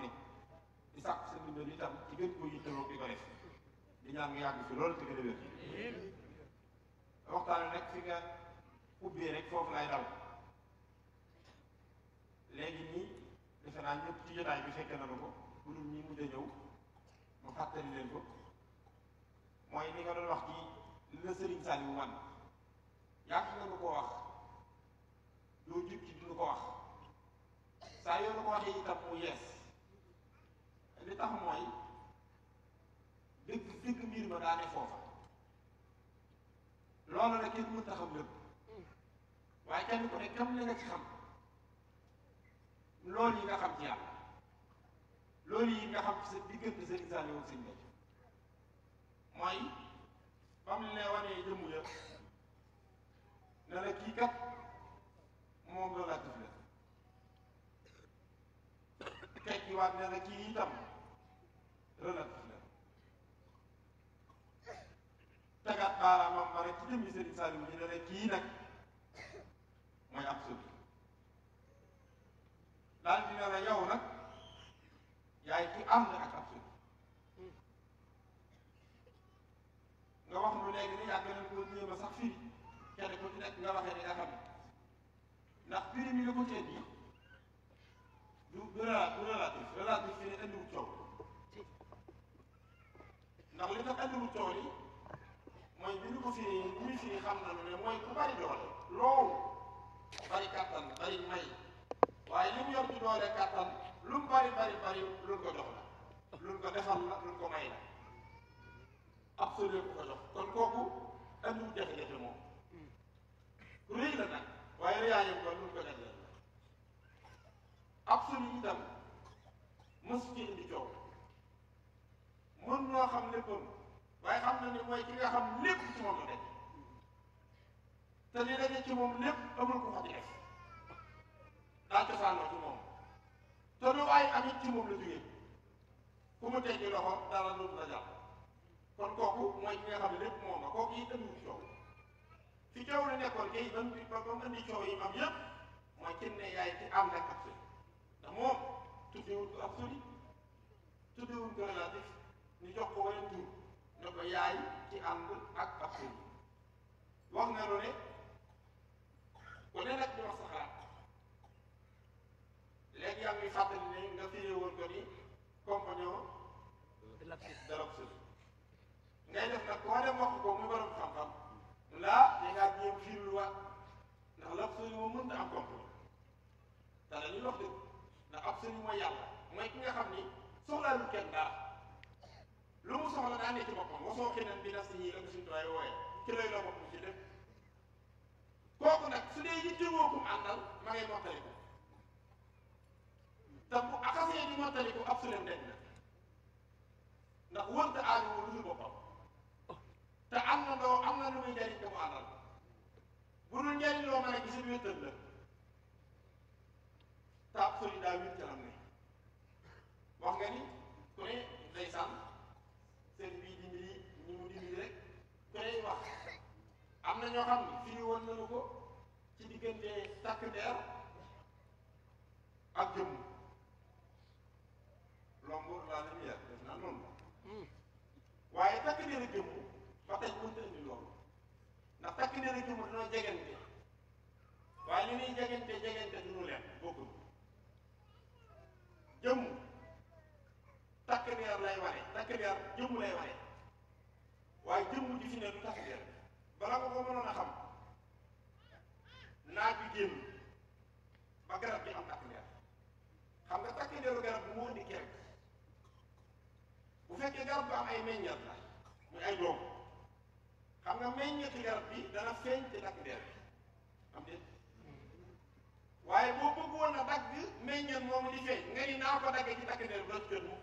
sëriñ di sàkku sa ndimbal itam ci gën ko yittewoo di ko def di ñaan nga yàgg fi loolu te gën a wér waxtaan rek fi rek foofu lay dal léegi nii defe naa ñëpp ci jotaay bi fekk na ma ko bu dul ñi mujj a ñëw ma leen ko mooy li nga doon wax ci li la sëriñ Saliou wan yàgg nga nu ko wax doo jub ci du ko wax saa yoo nu ko waxee itam mu yees li tax mooy dëgg dëgg mbir ma daane foofa loolu nag kenn mënta xam lépp waaye kenn ku ne kam li nga ci xam loolu yi nga xam ci yàlla loolu yi nga xam ci sa diggante Serigne Saliou woon Serigne Béthio mooy ba mu lee wanee jëmm ya ne la kii kat moom la laajte fi la tekkiwaat ne la kii itam. relativement tagaat baaraamam ba rek ci jëmmi Serigne Saliou ñu ne rek kii nag mooy absolu daal di ne la yow nag am ki ànd ak absolu nga wax lu léegi ni yàgg nañ koo jéem a sax firi kenn ku ci nekk nga waxee ni nga xam ndax firi mi la ko teet yi du du relatif relatif fi ne indiwut ndax li tax andiwul tool yi mooy bi ñu ko fi ñu fi xam nañu ne mooy ku bari doole loolu bari kattan bari may waaye li mu yor ci doole kattan lu mu bari bari bari luñ ko jox la luñ ko defal la luñ ko may la absolu ko lu rëy ko luñ ko jagleel la absolu itam mës ci mun noo xam léppam waaye xam na ni mooy ki nga xam lépp ci moom la moom lépp amul ko fa ci def daa cosaanoo ci moom te lu ay amit ci moom la jógee ku mu teg ñu loxo dara dootu la jàpp kon kooku mooy ki nga xam lépp moom la kooku yi ëmb coow fi coow la nekkoon kay ba mu ba mu coow yi am yëpp mooy kin ne yaay ci am rek ak sëñ moom tuddiwul ko ab sëriñ tuddiwul ko relatif àndul ak ak wax na lu ne ku ne nag di wax sa xalaat léegi yaa ngi fàttali ne nga firé woon ko ni compagnon de l'absolu ngay def nag koo dem wax ko mu borom xam-xam laa da ngaa jéem fiirluwaat ndax l'absolu moom mënta am compagnon te dañuy wax dëgg ndax absolu mooy yàlla mooy ki nga xam ni soxlaalul kenn daal lu mu soxla daa ne ci boppam wasoo xinan bi naf si ñii la ko suñu tuwaay wooye ci lay la boppam ci def kooku nag su dee yittewoo kum àndal ma ngay mottaliku te bu akasee di mottaliku ab suleem deñ na ndax wërta aajowoo lu dul boppam te am na loo am na lu muy jariñ ko mu àndal bu dul njariñ loo mën a gis wéttal la te ab soli daa wéttalam ne wax nga ni ku ne day sànn yooyu wax am na ñoo xam ne firi woon nañu ko ci diggante takk der ak jëmm longueur la lumière def naa noonu hmm. waaye takk der ak jëmm ba tey mënta indi loolu ndax takk der ak jëmm waaye ñu leen takk der lay takk der lay waaye jëmm ji fi ne lu tax leer bala ko ko mënoon a xam naaj bi génn ba garab bi am takk leer xam nga takk leeru garab bu mu indi bu fekkee garab bi am ay meññeet la muy ay doom xam nga meññeeti garab bi dana feeñ te takk leer bi am déet waaye boo bëggoon a dagg meññeet moom li feeñ nga ni naa ko daggee ci takk leer bi dootu jot moom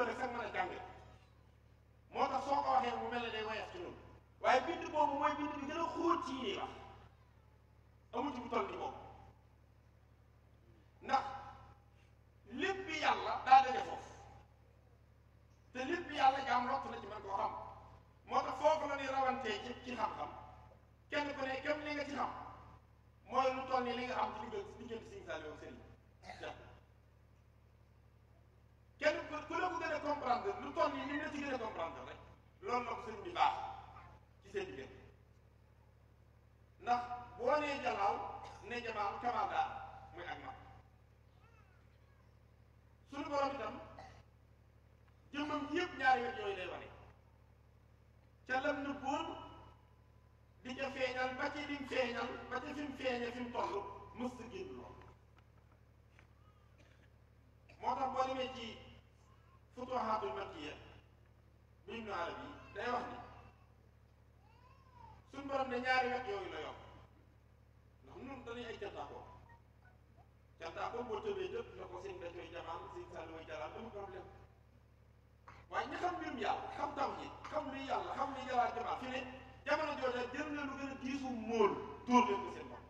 la rek sax mën a jànge moo tax soo ko waxee mu mel ne day woyof ci ñun waaye bind boobu mooy bind bi gën a xóot ci yi lépp bi yàlla daa daje bi yàlla jaam lott na la ñuy rawantee ci toll ni li nga xam ci lu a lu toll nii ni mu la ci gën rek loolu la ko sëñ bi baax ci seen diggante ndax boo nee jalaaw ne jamaal kamal muy ak mag suñu borom itam jëmmam yëpp ñaari wet yooyu lay wane ca lam na góor di ca feeñal ba ci lim feeñal ba ca fi mu feeñe fi mu toll génn lool moo tax boo demee ci futuhaatul makkiya bu Ibnu Arabi yi day wax ni suñ borom ne ñaari wet yooyu la yokk ndax ñun dañuy ay cantaakoo cantaakoo boo tëbee jëpp ne ko seen da koy jamaan seen sàll way jalaan amul problème waaye ñi xam mbirum yàlla xam taw yi xam luy yàlla xam luy jalaan jamaan fi ne jamono jooja jël na lu gën a diisu móol dóor leen ko seen bopp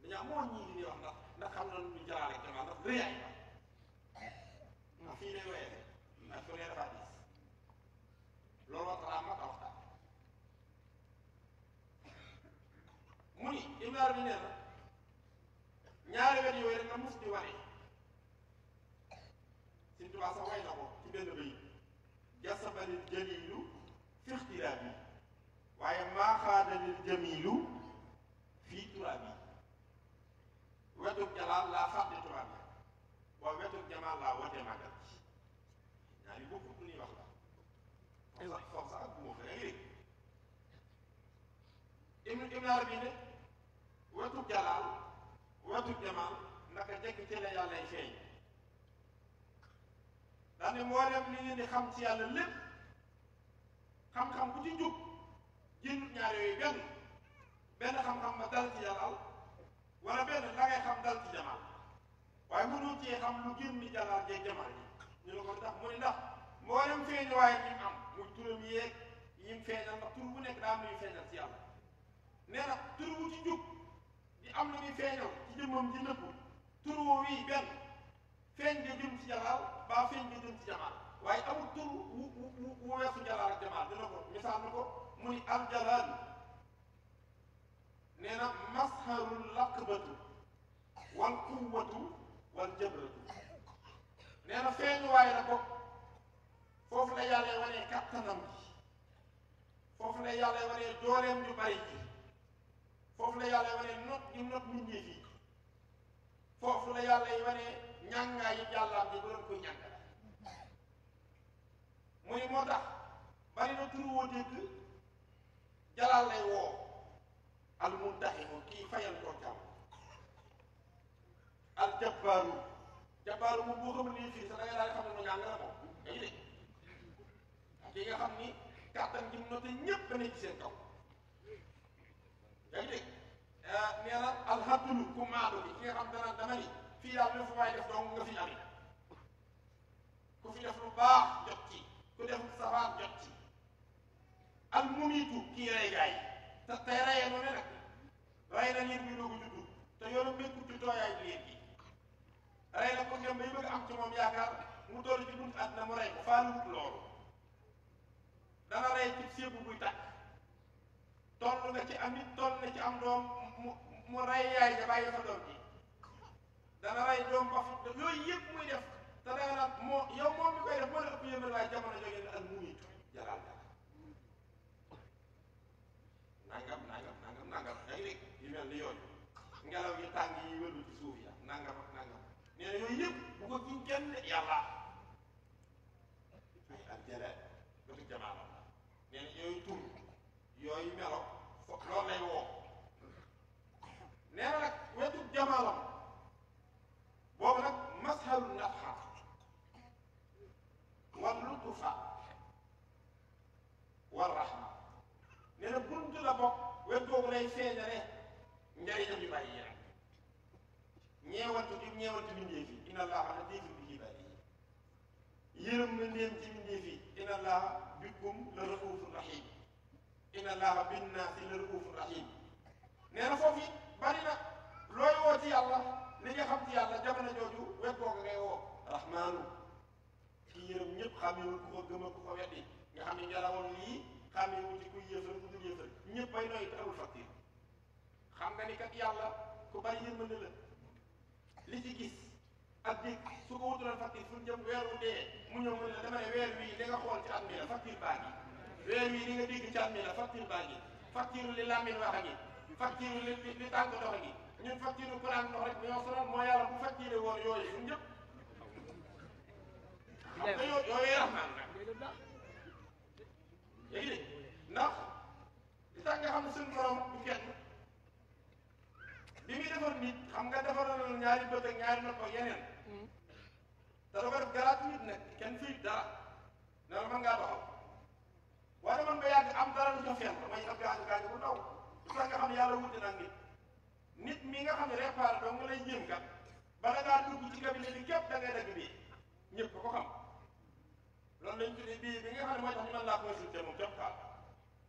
dañaa moon ñii li ñuy wax ndax ndax xam na lu jalaale jamaan ndax rëyaay looloo tax ma tax daal mu ni imlaar bi nee na ñaari wet yooyu rek la mus di waree Sëñ Tuubaa sax ko ci benn bay jasabanil jaliilu fi ixtiraabi waaye maa xaadanil jamiilu fii turaabi wetug jalaal laa fàtte turaabi waaw wetug jamaal laa wote màggal Ibn Arabi ne watu jalaal watu jamaal naka jekk ci la yàlla yi feeñ dax ne mboolem li ngeen di xam ci yàlla lépp xam-xam bu ci jub jénnut ñaar yooyu benn benn xam-xam ba dal ci jalaal wala benn la ngay xam dal ci jamaal waaye mënoo cee xam lu génn jalaal jeeg jamaal yi ñu ne ko ndax mu ne ndax mboolem feeñ waaye ñi am muy turam yéeg yim feeñal ndax tur bu nekk daa muy feeñal ci yàlla nee na tur wu ci jub di am lu ñuy feeñoo ci jëmmam ji nëbbu tur woo wii benn feeñ nga jëm ci jalaal baa feeñ nga jëm ci jamaal waaye amul tur wu wu wu weesu jalaal jamaal dina ko misaal na ko mu ni na masharul wal quwwatu wal jabratu nee na waaye la ko foofu la yàlla wanee kattanam ji foofu la yàlla wanee dooleem yu bari ji foofu la yàlla wane not ñu not nit ñi fii foofu la yàlla yi wane ñàngaa yi jàllaam bi bu doon koy ñànga mu ne moo tax bari na turu woo dégg jalaal woo al muntahimu kii al jabbaaru jabbaaru moom boo xam ne fii sax da nga daal xam ne mu ñànga la moom dañu de kii nga xam ni kàttan gi mu noté ñépp dana ci seen kaw yaa ngi dégg nee na alhamdulilah ku maado bi ki xam dana dana ni fii daal lu fi waay def dong nga fi amee ku fi def lu baax jot ci ku def lu safaan jot ci al mumitu kii rey gaay te tey reyee noonu nag rey na nit bi doog a te yoonu mbékku ci tooyaay bi léegi rey na ko ngëm bay bëgg am ci moom yaakaar mu dolli ci bunt àddina mu rey ko faalu wut loolu dana rey ci séebu buy tàkk toll na ci am it toll ci am doom mu mu rey yaay ja bàyyi ji dana rey doom ba fa yooyu yëpp muy def te da nga naan yow moom mi koy def moo la ëpp yëmbal waaye jamono jógee na ak muumit jalaal yooyu ngelaw yi tàng yi wëllu ci suuf ak nangam nee na yooyu yëpp yàlla ay yooyu tur yooyu melo Promets-moi. càmmi la facture baa ngi facture li làmmiñ wax a ngi facture li li tànk dox a ngi ñun facture courant ndox rek ñoo sonal moo yàlla bu facture woon yooyu ñun ñëpp xam nga yooyu yooyu raxmaan nag léegi li tax nga xam ne suñu bu kenn bi muy defar nit xam nga defaral ñaari bët ak ñaari nopp ak yeneen hmm. te da ko def gratuit nit nag kenn fii dara ne la ngaa doxal waaye man nga yàgg am dara lu ca fenn damay ab gaañu gaañu bu ndaw lu tax nga xam ne yàlla wuti nag nit nit mi nga xam ne réparé doo nga lay jëm kat bala ngaa dugg ci cabinet bi képp da ngay dagg bii bi nga xam ne mooy tax ñu mën laa consulté moom jot kaal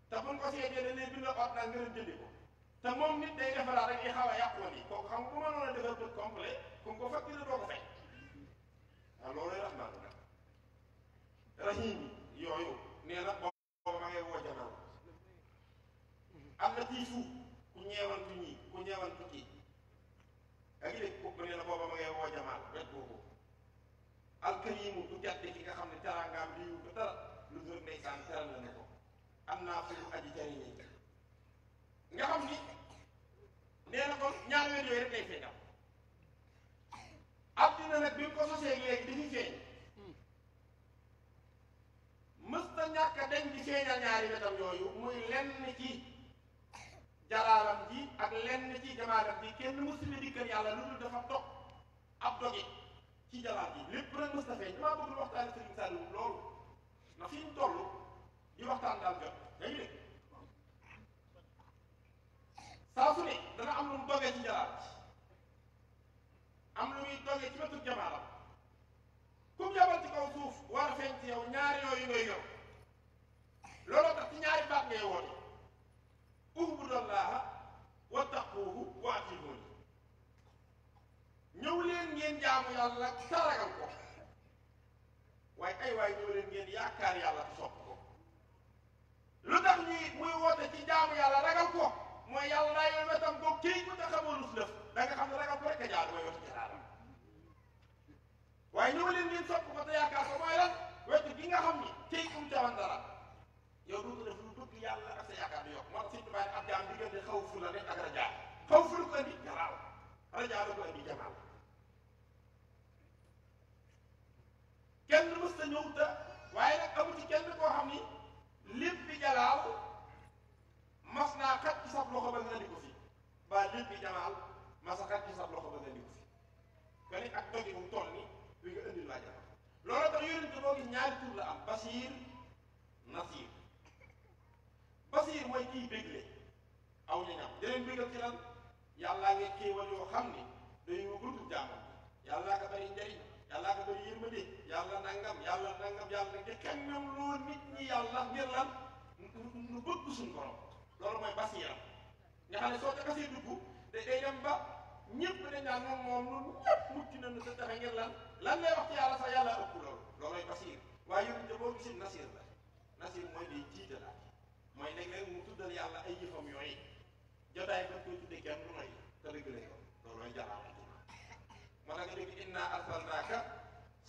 te buñ ko seetee dañ lay bind ordre nag ngërëm jëndi ko te moom nit day defaraat rek yi xaw a yàqoon yi kooku xam ku mënoon a defar complet ku ko facturé doo ko fay waaw loolu rax naa ko nag rahim yooyu moom ma ngay woo jamono am na ci suuf ku ñeewantu ñi ku ñeewantu kii yaa ngi dégg kooku nee na booba ma ngay woo jamaal rek boobu alkariimu du jàdde ki nga xam ne teraangaam li yu ko dara lu dul ndeysaan teral la ne ko am naa fi lu aji jariñi nga xam ni nee na kon ñaari weer yooyu rek lay feeñal addina nag bi mu ko sosee léegi dañuy feeñ mësta ñàkk a dañ di feeñal ñaari wetam yooyu muy lenn ci jalaalam ji ak lenn ci jamaalam ji kenn mësula dikkal yàlla loolu dafa dog ab doge ci jalaal ji lépp nag mësta feeñ damaa bëggul waxtaan Sëriñ Saliou loolu na fi ñu di waxtaan daal jot saa su ne dana am lu mu dogee ci jalaal ji am lu muy dogee ci wetu jamaalam war a feeñ ci yow ñaar yooyu ngay yor looloo tax ci ñaari baat ngay woote ubudullaha wattaquuhu wa atiimuun ñëw leen ngeen jaamu yàlla saragal ko waaye ay waay ñëw leen ngeen yaakaar yàlla te sopp ko lu tax ñuy muy woote ci jaamu yàlla ragal ko mooy yàlla daa yor wetam ko kii ñu te xamoo lus lëf da nga xam ne ragal ko rek a jaar mooy wetu ci daal waaye ñëw leen ngeen sopp ko te yaakaar ko mooy lan wet gi nga xam ni tey um tawan yow dootu def lu dugg yàlla ak sa yaakaar du yokk moo tax sëñ ab jaam diggante xaw fu la nekk ak rajaa xaw fu lu ko indi garaaw rajaa lu ko indi jamaal kenn mës ta ñëw ta waaye nag amu ci kenn koo xam ni lépp bi jalaaw mas naa ci sab loxo ba nga fi ba lépp bi jamaal mas a ci sab loxo ba nga di ko fi kon ak dogi bu toll ni bi nga indil waa jafe loolu gis ñaari tur la am basiir nasiir basiir mooy kiy bégle aw ñañam jëleen bégal ci lan yàllaa ngi xéewal yoo xam ne day wugatul jaamam yàllaa ka bari njariñ yàllaa ka bari yërmande yàlla nangam yàlla nangam yàlla nga kennam loo nit ñi yàlla ngir lan nu bëgg suñ borom loolu mooy basiiram nga soo ca xasee dugg day day dem ba ñëpp dañ naan moom moom ñun ñëpp mucc nañu sa tafe ngir lan lan lay wax ci yàlla sax yàlla ëpp loolu loolooy basiir waaye yonent boo gisul nasiir la nasiir mooy day jiitalaat mooy léeg-léeg mu tuddal yàlla ay yëfam yooyu jotaay ba koy tudde kenn lu noy te dëgg lay ko loolooy jaraama juma moo tax nga dégg inna arsalnaaka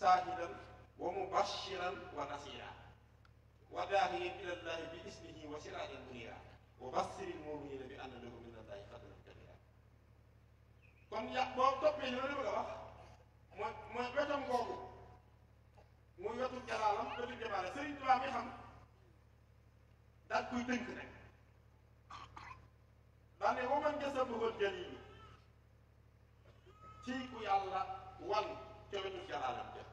saahidan wa mubashiran wa nasira wa daahiyan ila llahi bi ismihi wa siraajan munira wa ma la mooy mooy wetam googu muy wetu jalaalam wetu jabaale Sëriñ Tuubaa mi xam daal kuy tënk rek daal ne waman gësa bëggoon jëli yi ci ku yàlla wan ca wetu jalaalam ja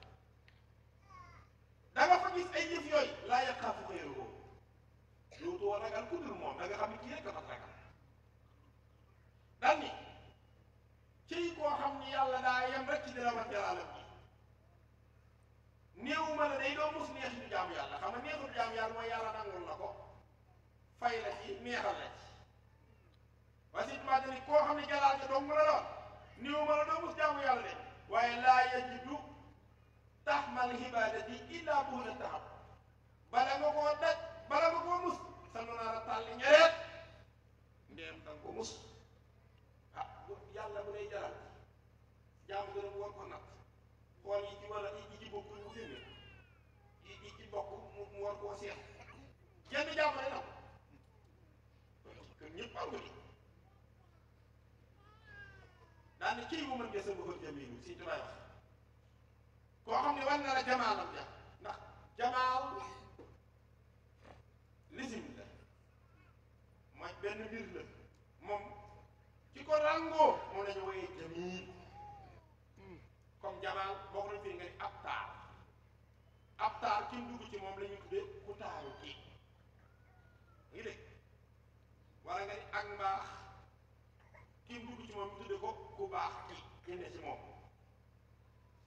da nga fa gis ay yëf yooyu laa yaqaafu xëyru woo luutu woo ku dul moom da nga xam ne kii rek Si koo xam ni yàlla daa yem rek ci dërëmante alam bi néew ma la day doo mus neexitu jaam yàlla xam nga neexitu jaam yàlla mooy yàlla nangul la ko fay la ci neexal la ci wasit maa ni koo xam ne jalaal ca dong la doon néew ma la doo mus jaamu yàlla de waaye laa yajidu taxmal taxab bala nga koo daj bala nga koo mus sa nonaara tàlli ñereet ndeem ko mus yàlla bu lay jaral jaam gërëm war ko natt xool yi ci wala yi ci bokkul yi yi ci bokk mu war koo seet jenn jaam lay natt kon ñëpp am ko ci daanaka kii bu mën nga sën ba ko jamiinu si li may wax koo xam ne war na la jamaalam ja la mooy benn mbir la. ki ko ràngoo moom la ñu wooyee jamiil comme jamaal boo ko firi nga ne ab taar ab ci moom la ñu tuddee ku taaru kii ngi dégg wala nga ne ak mbaax ki ci moom ñu tuddee ko ku baax kii ki ci moom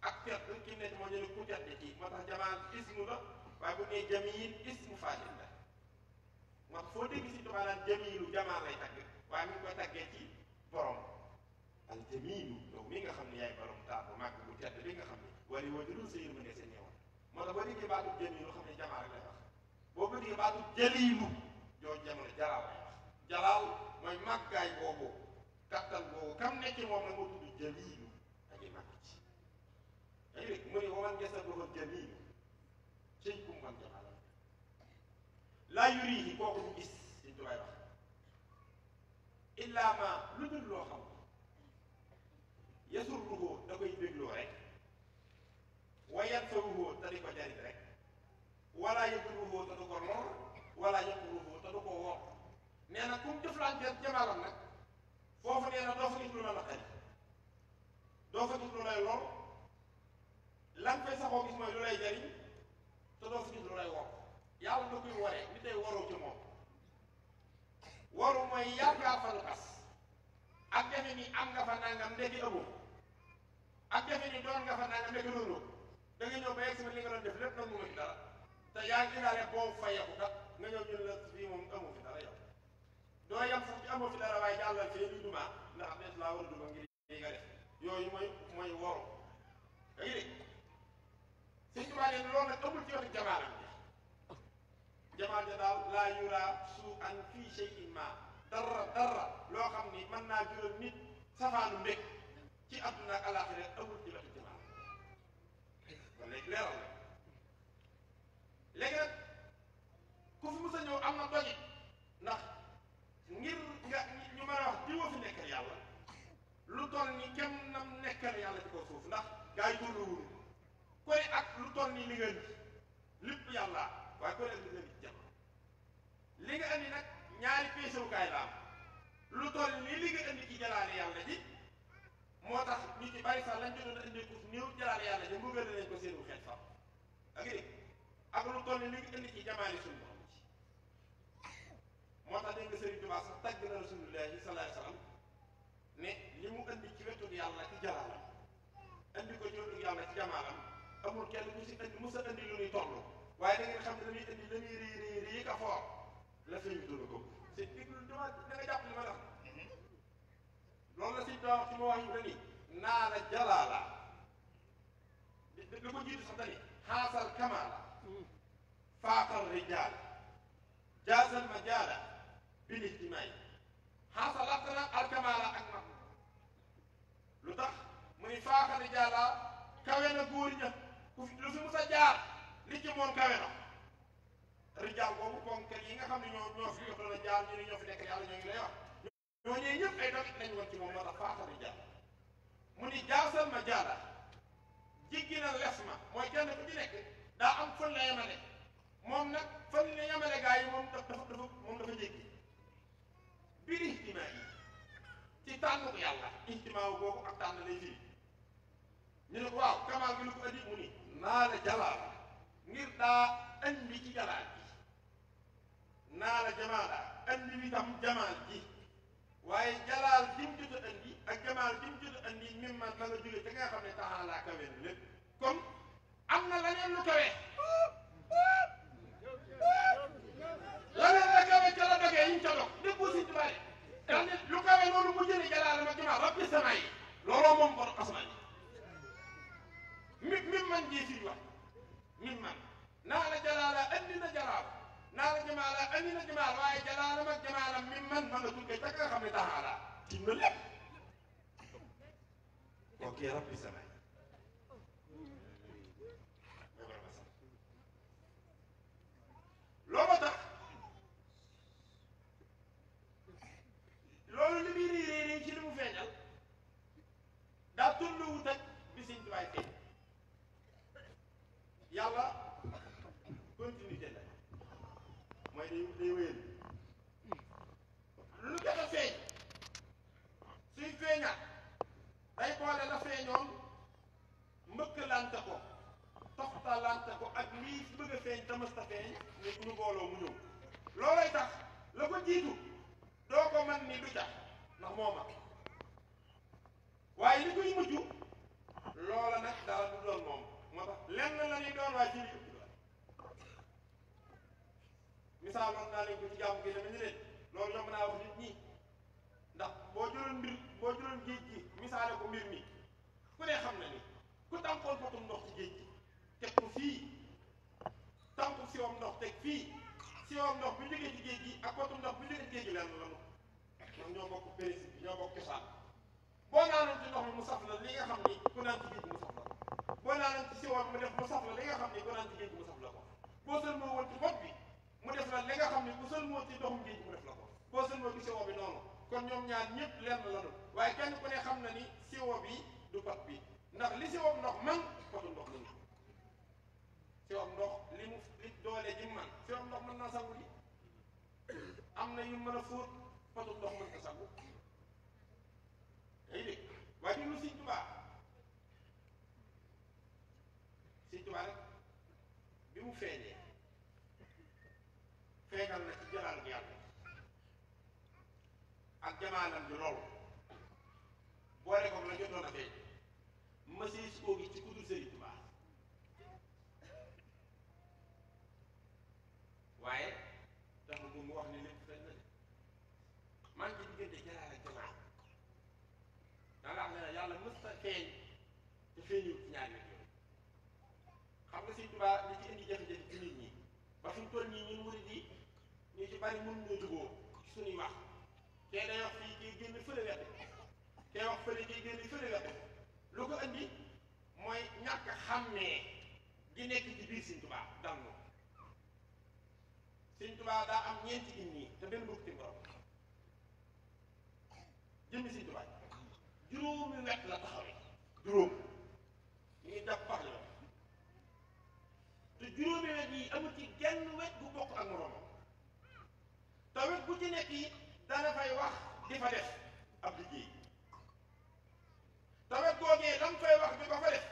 ak tedd ki ci moom ñu ne ku tedd kii moo tax jamaal ismu la waaye bu nee jamiil ismu faalin la moo tax foo dégg si tubaab naan jamiilu jamaal lay tagg waaye ngi koy taggee ci borom ante miinu yow mi nga xam ne yaay borom taar bu màgg bu tedd bi nga xam ne wala woo juróom sa yërmande sa ñëwal moo tax boo ne jamaa rek lay wax boo ko déggee baatu jëliilu joo mooy màggaay boobu kattan boobu kam nekk moom la moo tudd jëliilu dañuy màgg ci dañu rek mu ne waman gesa doxal jëliilu sëñ kumban jamaa la laa yurihi kooku ñu gis suñ tubaay wax illaa ma lu dul loo xam yasul ruhoo da koy bégloo rek wa yat fa te di ko jariñ rek wala yëpp ruhoo te du ko lor wala yëpp ruhoo te du ko wor nee kum jëflaan jë jamaalam nag foofu nee doo fa gis lu la naqari doo fa gis lu lay lor lan fay saxoo gis mooy lu lay jariñ te doo fa gis lu lay wor yàlla da koy waree nit day waroo ci moom waru moy yàggaa falu kas ak defe ni am nga fa nangam ndegi ëbu ak defe ni doon nga fa nangam ndegi loolu da nga ñëw ba yegg sama li nga doon def lépp nangu nga dara te yaa ngi daale boo fayeku nga ñëw la moom amu fi dara yow fu ci fi dara duma ndax net laa war duma ngir yi nga def yooyu mooy mooy woru da ngi dégg amul ci jamaa ja daal laa yura suu loo xam ni mën naa jural ci àdduna ak am na doji ndax ngir nga ñu mën a wax diwa fi nekkal yàlla lu toll ni kenn nam nekkal yàlla ci ko suuf ndax gaa yi góorlu koy ak lu toll ni li nga yàlla waaye ku nekk dina nit jàpp li nga andi nag ñaari peesewukaay la am lu toll ni li nga andi ci jalaale yàlla ji moo tax ñu ci bàyyi sax lañ jotoon a indi ko néew jalaale yàlla ji mbugal nañ ko seenu xel sax ak dégg ak lu toll li nga indi ci jamaali suñu borom ji moo tax dégg nga Sëriñ Tuubaa sax na sallallahu alayhi wa ne li mu indi ci wetu yàlla ci jalaalam indi ko ci wetu yàlla ci jamaalam amul kenn ku si indi musa indi lu ñuy waaye da xam ne la muy indi la ka foor la sëñ bi dund ko te diglu dama da nga jàpp li ma def la sëñ bi wax ci ma wax yu dani jalaala li ko jiitu sax dani xaasal kamaala faatal rijaal jaasal majaala bil ijtimaay xaasal laxtana alkamaala ak mag lu tax muy faatal rijaala kawe na lu fi mës a jaar li ci moom kawe na rijaal boobu ponkal yi nga xam ne ñoo ñoo fi yoxtona jaar ñu ni ñoo fi nekk yàlla ñoo ngi lay wax ñoo ñee ñëpp ay dogit nañ woon ci moom moo tax faata rijaal mu ni jaasal ma jaada jiggi na les ma mooy kenn ku ci nekk daa am fan la yemale moom nag fan la yemale gaa yi moom dafa dafa moom dafa jéggi biir ihtimaa yi ci tànn ko yàlla ihtimaa boobu ak tànn lay firi ñu ne ko waaw kamaal gi lu ko andi mu ni naa la jalaala ngir daa andi ci jamaal ji naa la jamaala andi bi tam jamaal ji waaye jalaal ji mu jot a andi ak jamaal ji mu jot a andi mim man la nga jóge ca nga xam ne taxaalaa kawe na lépp kon am na leneen lu kawe leneen la kawe ca la dogee yiñ ca dog dëggu si tubaab yi ndax nit lu kawe loolu mu jëlee jalaal ma jamaal rabbi sama yi looloo moom borom asmaan yi mi mi man jii si wax min man naa la jalaala andi na jalaal naa la jamaala andi na jamaal waaye jalaalam ak jamaalam min man ma nga tuddee ca nga xam ne lépp kooku ya rabbi samay loolu li muy réeréer ci li mu feeñal daa tolluwut ak bi Sëñ Tuubaa feeñ yàlla continuité la mooy day day wéyal lu jot feeñ suy feeñaat day boole la feeñoon mbëkkalante ko toxtalante ko ak lii bëgg a feeñ tamasta feeñ ne ñu mbooloo mu ñëw loolay tax la ko jiitu doo ko man ni du ca ndax moo ma waaye li koy mujj loola nag dara du doon moom lenn la ñuy doon waaye ci biir bi doon misaal moom naa leen ko ci jàmm gi dama ñu leen loolu yomb naa wax nit ñi ndax boo jëloon mbir boo jëloon géej gi misaale ko mbir mi ku ne xam na ni ku tànkoon potum ndox ci géej gi teg ko fii tànku siwam ndox teg fii siwam ndox bu jógee ci géej gi ak potum ndox bu jógee ci géej gi lenn la moom man ñoo bokk principe bi ñoo bokk cosaan boo naanoon ci ndox mi mu saf la li nga xam ni ku naan ci géej mu saf boo naanal ci siwoon mu def mu saf la li nga xam ne boo naan ci géej mu saf la ko boo sën moo woon ci xob bi mu def la li nga xam ne bu sën moo ci doxum géej mu def la ko boo sën moo ci siwo bi noonu kon ñoom ñaar ñëpp lenn la doon waaye kenn ku ne xam na ni siwo bi du pat bi ndax li siwo ndox man patu ndox lañu siwo ndox li mu li doole ji man siwo ndox mën naa sangu li am na yu mën a fóot patu ndox mën ko sangu day dégg waaye sëñ Tuubaa rek bi mu feeñee feeñal na ci jalaal bi yàlla ak jamaalam bi loolu boole la jotoon a feeñ masis koo gi ci ku dul sëriñ waaye tax mu mu wax ni lépp feeñ na man ci diggante jalaal ak jamaal daanaka yàlla mës a feeñ te feeñul Touba li ci indi jafe-jafe ci nit ñi ba fi mu toll nii ñun murid yi ñu ci bari mën ñu juboo ci suñuy wax kee day wax fii kii génn fële wet kee wax fële kii génn fële wet lu ko indi mooy ñàkk xàmmee gi nekk ci biir Sëñ Touba dal na Sëñ Touba daa am ñeenti inni te benn bokk borom jëmmi Sëñ Touba juróomi wet la taxawee juróom ñu ngi def la juróomi bi yi ci genn wet bu bokk ak moroomam te bu ci nekk yi dana fay wax di fa def ab liggéey te wet googee lam fay wax di ko fa def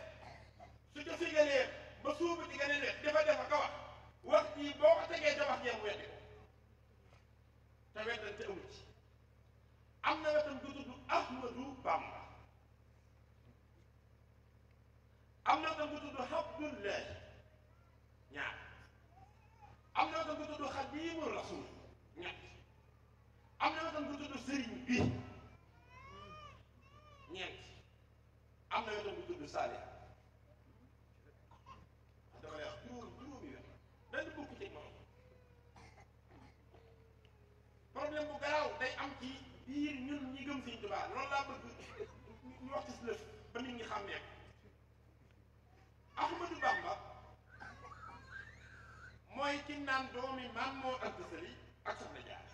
su ca figalee ba suubu di geneen wet dafa def ak a wax wax ji boo ko tegee ca wax jee mu weddi ko te wet dañ ci am na wetam gu tudd Ahmadu Bamba am na wetam gu tudd Abdullahi am na tam bu tudd xadiimu rasul ñett am na tam am na tam bu tudd saali dama lay wax juróom bu garaaw day am ci biir ñun ñi gëm Sëriñ Tuubaa loolu laa bëgg ñu wax ci si lëf ba nit ñi xàmmee Ahmadou Bamba mooy ki naan doomi maam moo ëpp sëli ak soxna jaar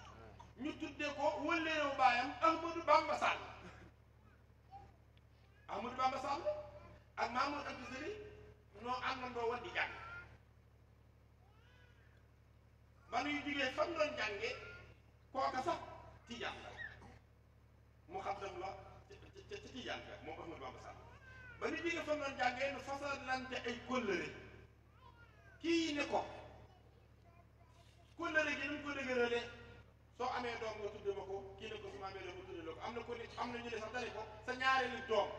ñu tuddee ko wëlleerew baayam Ahmadou Bamba Sall Ahmadou Bamba Sall ak Mamour ëpp sëli noo àndandoo woon di jàng ba nuy jugee fan doon jànge kooka sax tijaan la mu xam dam la ca ca tijaan la moom Ahmadou Bamba Sall ba nuy jugee fan doon jànge nu fasalante ay kóllëre kii ne ko kóllëre gi ñu ko dëgërale soo amee doom nga tudd ma ko kii ne ko su ma amee doom nga tudd ma ko am na ko ne am na ñu ne sax dale ko sa ñaareelu doom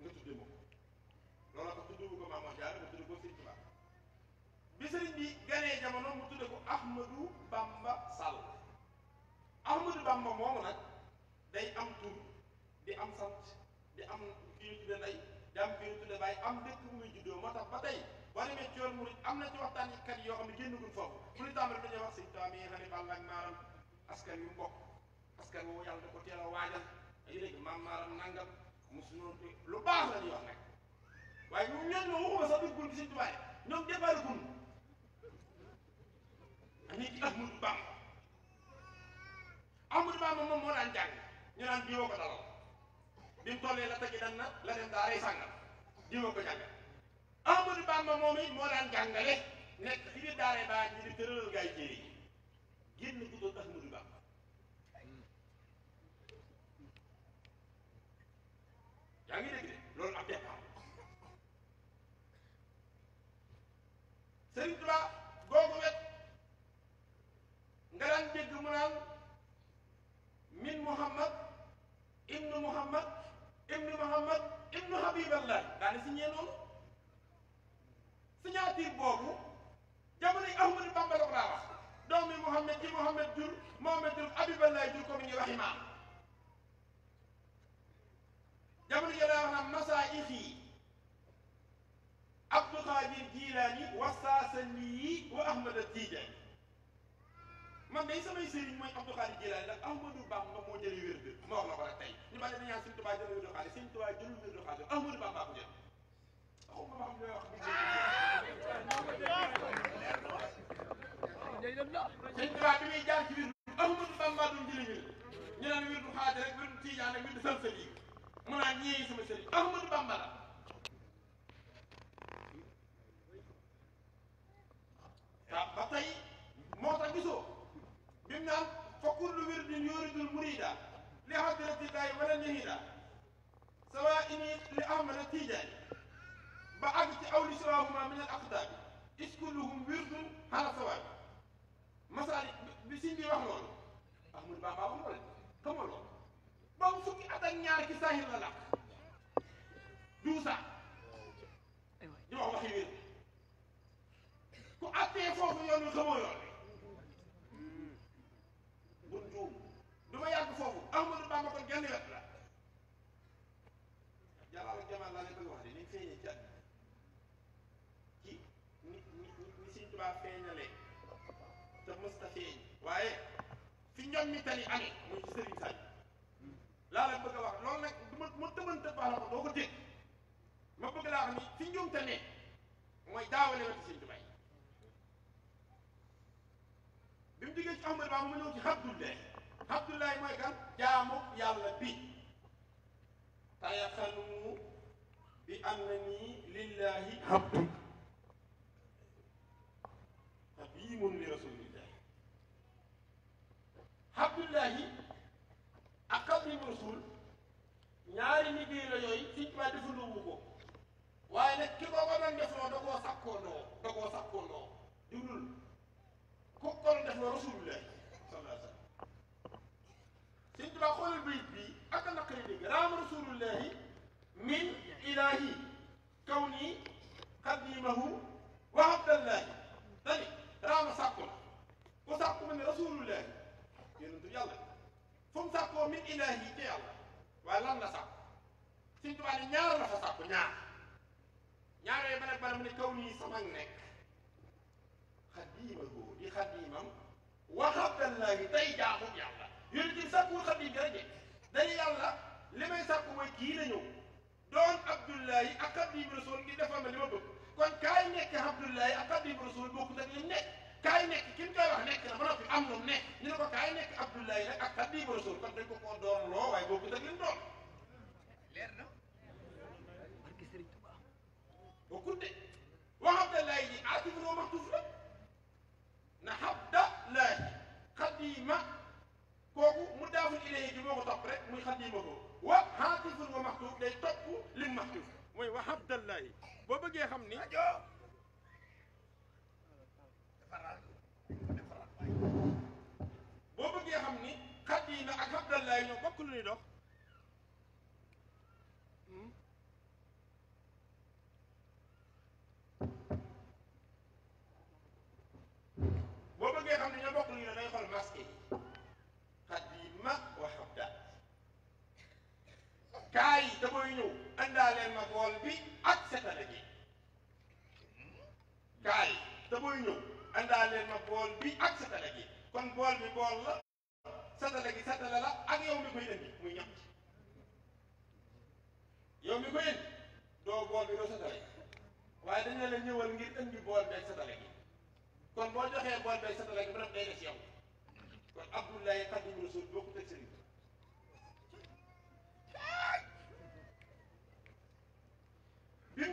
nga tudd ma ko looloo tax ko Mamour Diallo mu tudd ko Sëriñ Tuubaa bi sëriñ bi ganee jamono mu tudd ko Ahmadou Bamba Sall Ahmadou Bamba moomu nag day am tur di am sant di am kii ñu tudde di am kii ñu tudde baay am dëkk bu muy juddoo moo tax ba tey boo demee Thion Mouride am na ci waxtaan yoo xam ne génn guñ foofu xaritam rek dañuy wax sëñ tubaab yi xarit ak maaram askan yu mbokk askan woo yàlla da ko teel a ay dégg maam maaram nangam musuloon lu baax la ñuy wax nag waaye ñoom ñooñu ma waxuma sax ci sëñ tubaab yi ñoom déparé gun amul bàmm amul ñu ko dalal bi la dan na la dem ko amul nekk ci biir daaree baa ñu di tëralal gaay jéeri yi génn ku doon Ahmadou Bamba yaa ngi dégg de loolu ab départ Sëriñ Tuubaa googu mu naan min Muhammad ibnu Muhammad ibnu Muhammad ibnu Habiballah daane signé noonu signature boobu jamono ahmadou bamba dox daa wax doomi mouhamed ji mouhamed jur mohamed jur abiballay jur ko mi ngi waxi maam jamono yo daa wax na masaayixi abdou xaadir jiilaani wa saasani wa ahmada tiijaan man day samay sëriñ mooy abdou xaadir jiilaani la ahmadou bamba moo jëli wér de ma wax la ko rek tey ñu bàyyi dañu naan sëñ tubaa jël wér de xaalis sëñ tubaa jël wér de xaalis ahmadou bamba ko jël عمرهم لا يخرجون سيدي بعدمي جال كبير أهم الصمار من جليل ñeneen wirdu xaaja rek wirdu tiijaan ak wirdu sal sëriñ mu naan ñii sama sëriñ Ahmadu Bamba la ah ba tey moo tax gisoo bi mu naan fa kullu wirdin yuridul murida li hadratillahi wala nihida sawa ini li ahmada tiijaan فعدت حول شرابهما من الأقدام إذ كلهم ورد على سواء مثلا بسين bi wax noonu amul baa baa xamul xamul loolu ba mu fukki at ak ñaar ci sahir la làq duusa di wax wax yu wér ku attee foofu yoon wi xamoo yoon bun juum du ma yàgg foofu ahmadu jommi tali amee muy ci Serigne Sall laa la bëgg a wax loolu nag du ma ma tëbanta baala ko doo ko dégg ma bëgg laa wax ni fi njuumte ne mooy daawale woon ci Serigne Touba bi mu jógee ci Ahmad Bamba mu ñëw ci Abdoulaye Abdoulaye mooy kan jaamu yàlla bi tayaqanu bi Abdullahi ak xabrim rasul ñaari liggéey la yooyu Sëñ Tuubaa defandoowu ko waaye nag ki ko ko doon defloo da koo sàkkoondoo ku ko doon defloo rasulullah sallallahu alayhi wa sallam Sëñ Tuubaa xoolal raam rasulullahi min ilahi kawni xadimahu wa abdallahi dani raama sàkku ku sàkku rasulullahi yonentu yàlla fu mu sàkkoo min ilaahi ci yàlla la sàkk Sëñ Tuubaa ñaar la fa ñaar ñaar yooyu ba nag bala mu ne kaw nii sama nekk xadiima boo di xadiimam waxabtallaahi tey jaamu yàlla yonent bi sàkkul xadiim bi rek dañu yàlla li may sàkku mooy kii la doon abdullahi ak xadiim rasul ngi defal ma li ma bëgg kon kaay nekk abdullahi ak xadiim rasul bokkut ak li mu nekk kaay nekk ki ñu koy wax na ba noppi am lu nekk ñu ne ko kaay nekk Abdullahi nag ak Xaadimu Rasuul kon dañ ko koo doon loo waaye boobu dëgg lañ leer na barke Sëriñ Tuba bokkut wax Abdullahi ji aatifinoo maxtuuf la na Abdullahi xadima kooku mu daaful ilayhi ji moo wa xaatifun wa maxtuuf day topp lim maxtuuf mooy wax Abdullahi boo bëggee xam ni boo bëggee xam ni xaj yi na ak Abdallah ñoo bokk lu ñuy dox boo bëggee xam ne ñoo bokk lu ñuy dox day xool masque yi xaj yi ma wax Abdal gaa yi da ma bool bi ak setala gi gaa ma bool bi ak setala gi kon bool bi bool la satala gi satala la ak yow mi koy indi muy ñam ci yow mi koy indi doo bool bi doo satala gi waaye dañ ne la ñëwal ngir indi bool beeg satala gi kon boo joxee bool beeg satala gi borom day des yow kon Abdoulaye Xadim Rasul boo ko teg sëriñ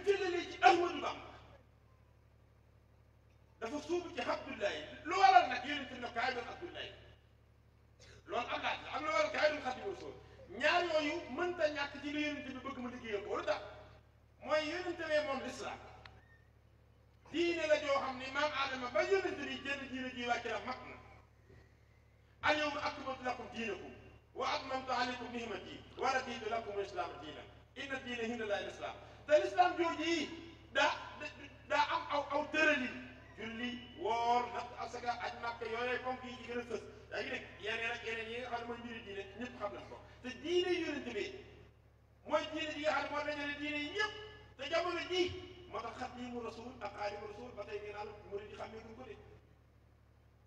jëlalee ci Ahmadou Bamba مفهوم حق الله لولا انك يريد انك عيب حق الله لون الله am na wala kayru xadim rasul ñaar yooyu mënta ñàkk ci li yonente bi bëgg mu liggéeyal ko lu tax mooy yonente bee moom lislaam diine la joo xam ni maam aadama ba yonente bi jënd diine ji wàcc la mag na al yawma akmaltu lakum diinakum wa atmamtu alaykum nihmati wa raditu lakum lislaam diina inna diina hinda laa lislaam te lislaam jooju yi daa daa am aw aw tëralin julli woor natt asaka ak màkk yooyee ponk yi ci gën a fës yaa ngi dégg yeneen ak yeneen yi nga xam ne mooy mbiri diine ñëpp xam nañ ko te diine bi mooy diine yi nga xam ne moo dajale diine yi ñëpp te jamono jii moo tax xaadimu rasul ak xaadimu rasul ba tey ngeen àll ko de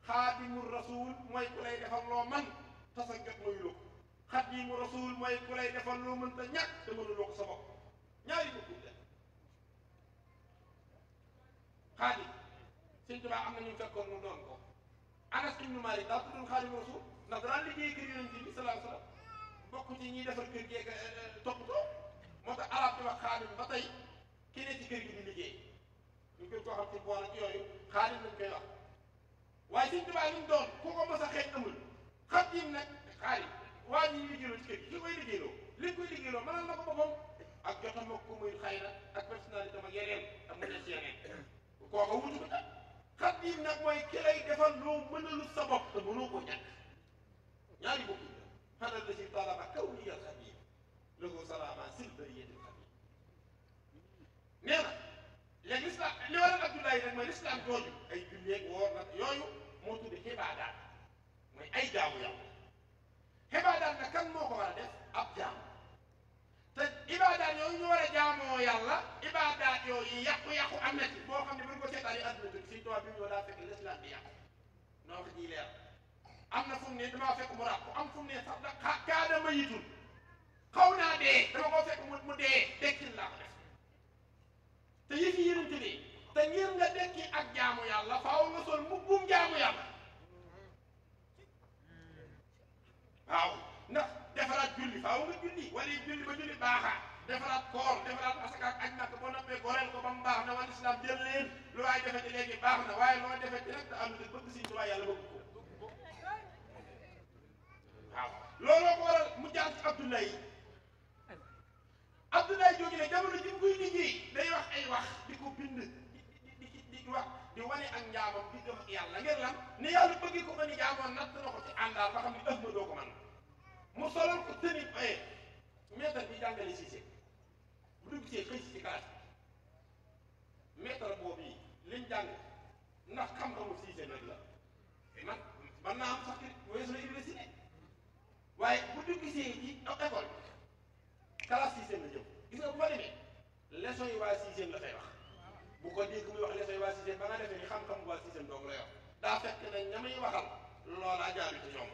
xaadimu rasul mooy ku defal loo man te sa mooy loo xaadimu rasul mooy ku defal loo mën te ñàkk te mënuloo ko sa bopp ñaari bokkul de xaadim sëñ Tuubaa am na ñu fekkoon mu doon ko Anas ibnu Maalik daa tuddoon Xaadimu Rasuul ndax daan liggéey kër Yonent bi sallallahu alayhi wa sallam defar kër gi euh, euh, moo tax arab di wax ba tey ki ne kër gi di liggéey ñu gën koo xam ci boole ci yooyu xaadim lañ koy waaye sëñ Tuubaa li doon ku ko mos a xeeñ amul xaadim nag xaadim waa ñi liggéeyloo ci kër gi ki koy liggéeyloo li koy liggéeyloo mënal na ko boppam ak jotam ak ko muy xayra ak personnalité ak yeneen ak mu ne ci yeneen kooka wutu ko xadim nag mooy ki lay defal loo mënalul sa bopp te mënoo ko ñàkk ñaari bopp yi xanaa la si talaba kaw ni al xadim la salaama sil bariyatil xadim nee na léegi islam li waral Abdoulaye rek mooy islam jooju ay julli ak woor nag yooyu moo tudde xibaadaat mooy ay jaamu yàlla xibaadaat nag kan moo ko war def ab jaamu te ibaadaat yooyu ñu war a jaamoo yàlla ibaadaat yàqu-yàqu am na boo xam ne buñ ko seetaanee adduna bi si tool bi ñoo daa fekk l'islam bi yàqu noo ko am na fu mu ne damaa fekk mu ràpp am fu mu fekk mu dee dekkil laa ko def te yëf yi yërënti nii te ngir nga dekki ak jaamu yàlla faaw nga sol mbubbum jaamu yàlla waaw ndax defaraat julli faaw nga julli wala julli ba julli baaxa defaraat koor defaraat asaka ak nak bo noppé gorel ko bam baax na wal islam jël leen lu way defé ci légui baax na waye lo defé ci rek ta am lu bëgg señ tuwa yalla bëgg ko lolo ko waral mu jaar ci abdoulaye abdoulaye jogi ne jamono ji nguy nit ñi day wax ay wax diko bind di wax di wane ak njaamam di dem yalla ngir lan ni yalla bëgg ko ko ni jaamoon natt na ko ci andal ba xam ni ëpp do ko man mu solal ko tenue paye eh, maître bi jàngale Cissé bu dugg see xëy si ci classe bi maître boobu yi liñ jàng ndax xam-xamu Cissé nag la eh, man man naa am sax weesu na université waaye bu dugg see ci école classe Cissé la jëm gis nga bu fa demee leçon yi waa Cissé la fay wax bu ko dégg muy wax leçon yi waa ba nga defee ni xam-xam waa Cissé dong la yor daa fekk ne ña muy waxal loolaa jaarul ci ñoom.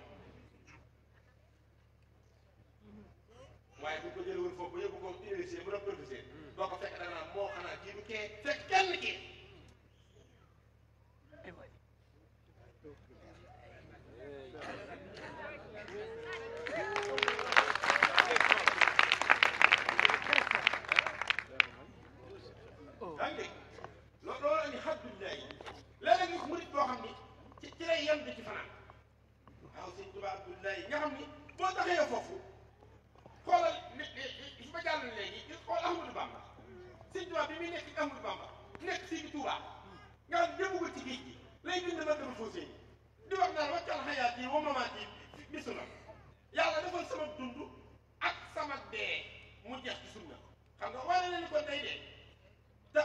waaye bu ko jël woon foofu yóbbu ko université mu doon professeur boo ko fekk dana moo xanaa kii du kee fekk kenn kii ci lay yem di ci fanaan waaw sëñ Tuubaa Abdoulaye nga xam ni boo taxee foofu jàll léegi ñu xool Ahmadou Bamba sëñ Tuubaa bi muy nekk Ahmadou Bamba nekk sëñ Tuubaa nga xam jëmugul ci géej gi lay bind ma dama foo séen di wax naan waccal xayaat yi wa mamaat yi bisu na yàlla defal sama dund ak sama dee mu jeex ci sunna xam nga wane na ni kon day dee te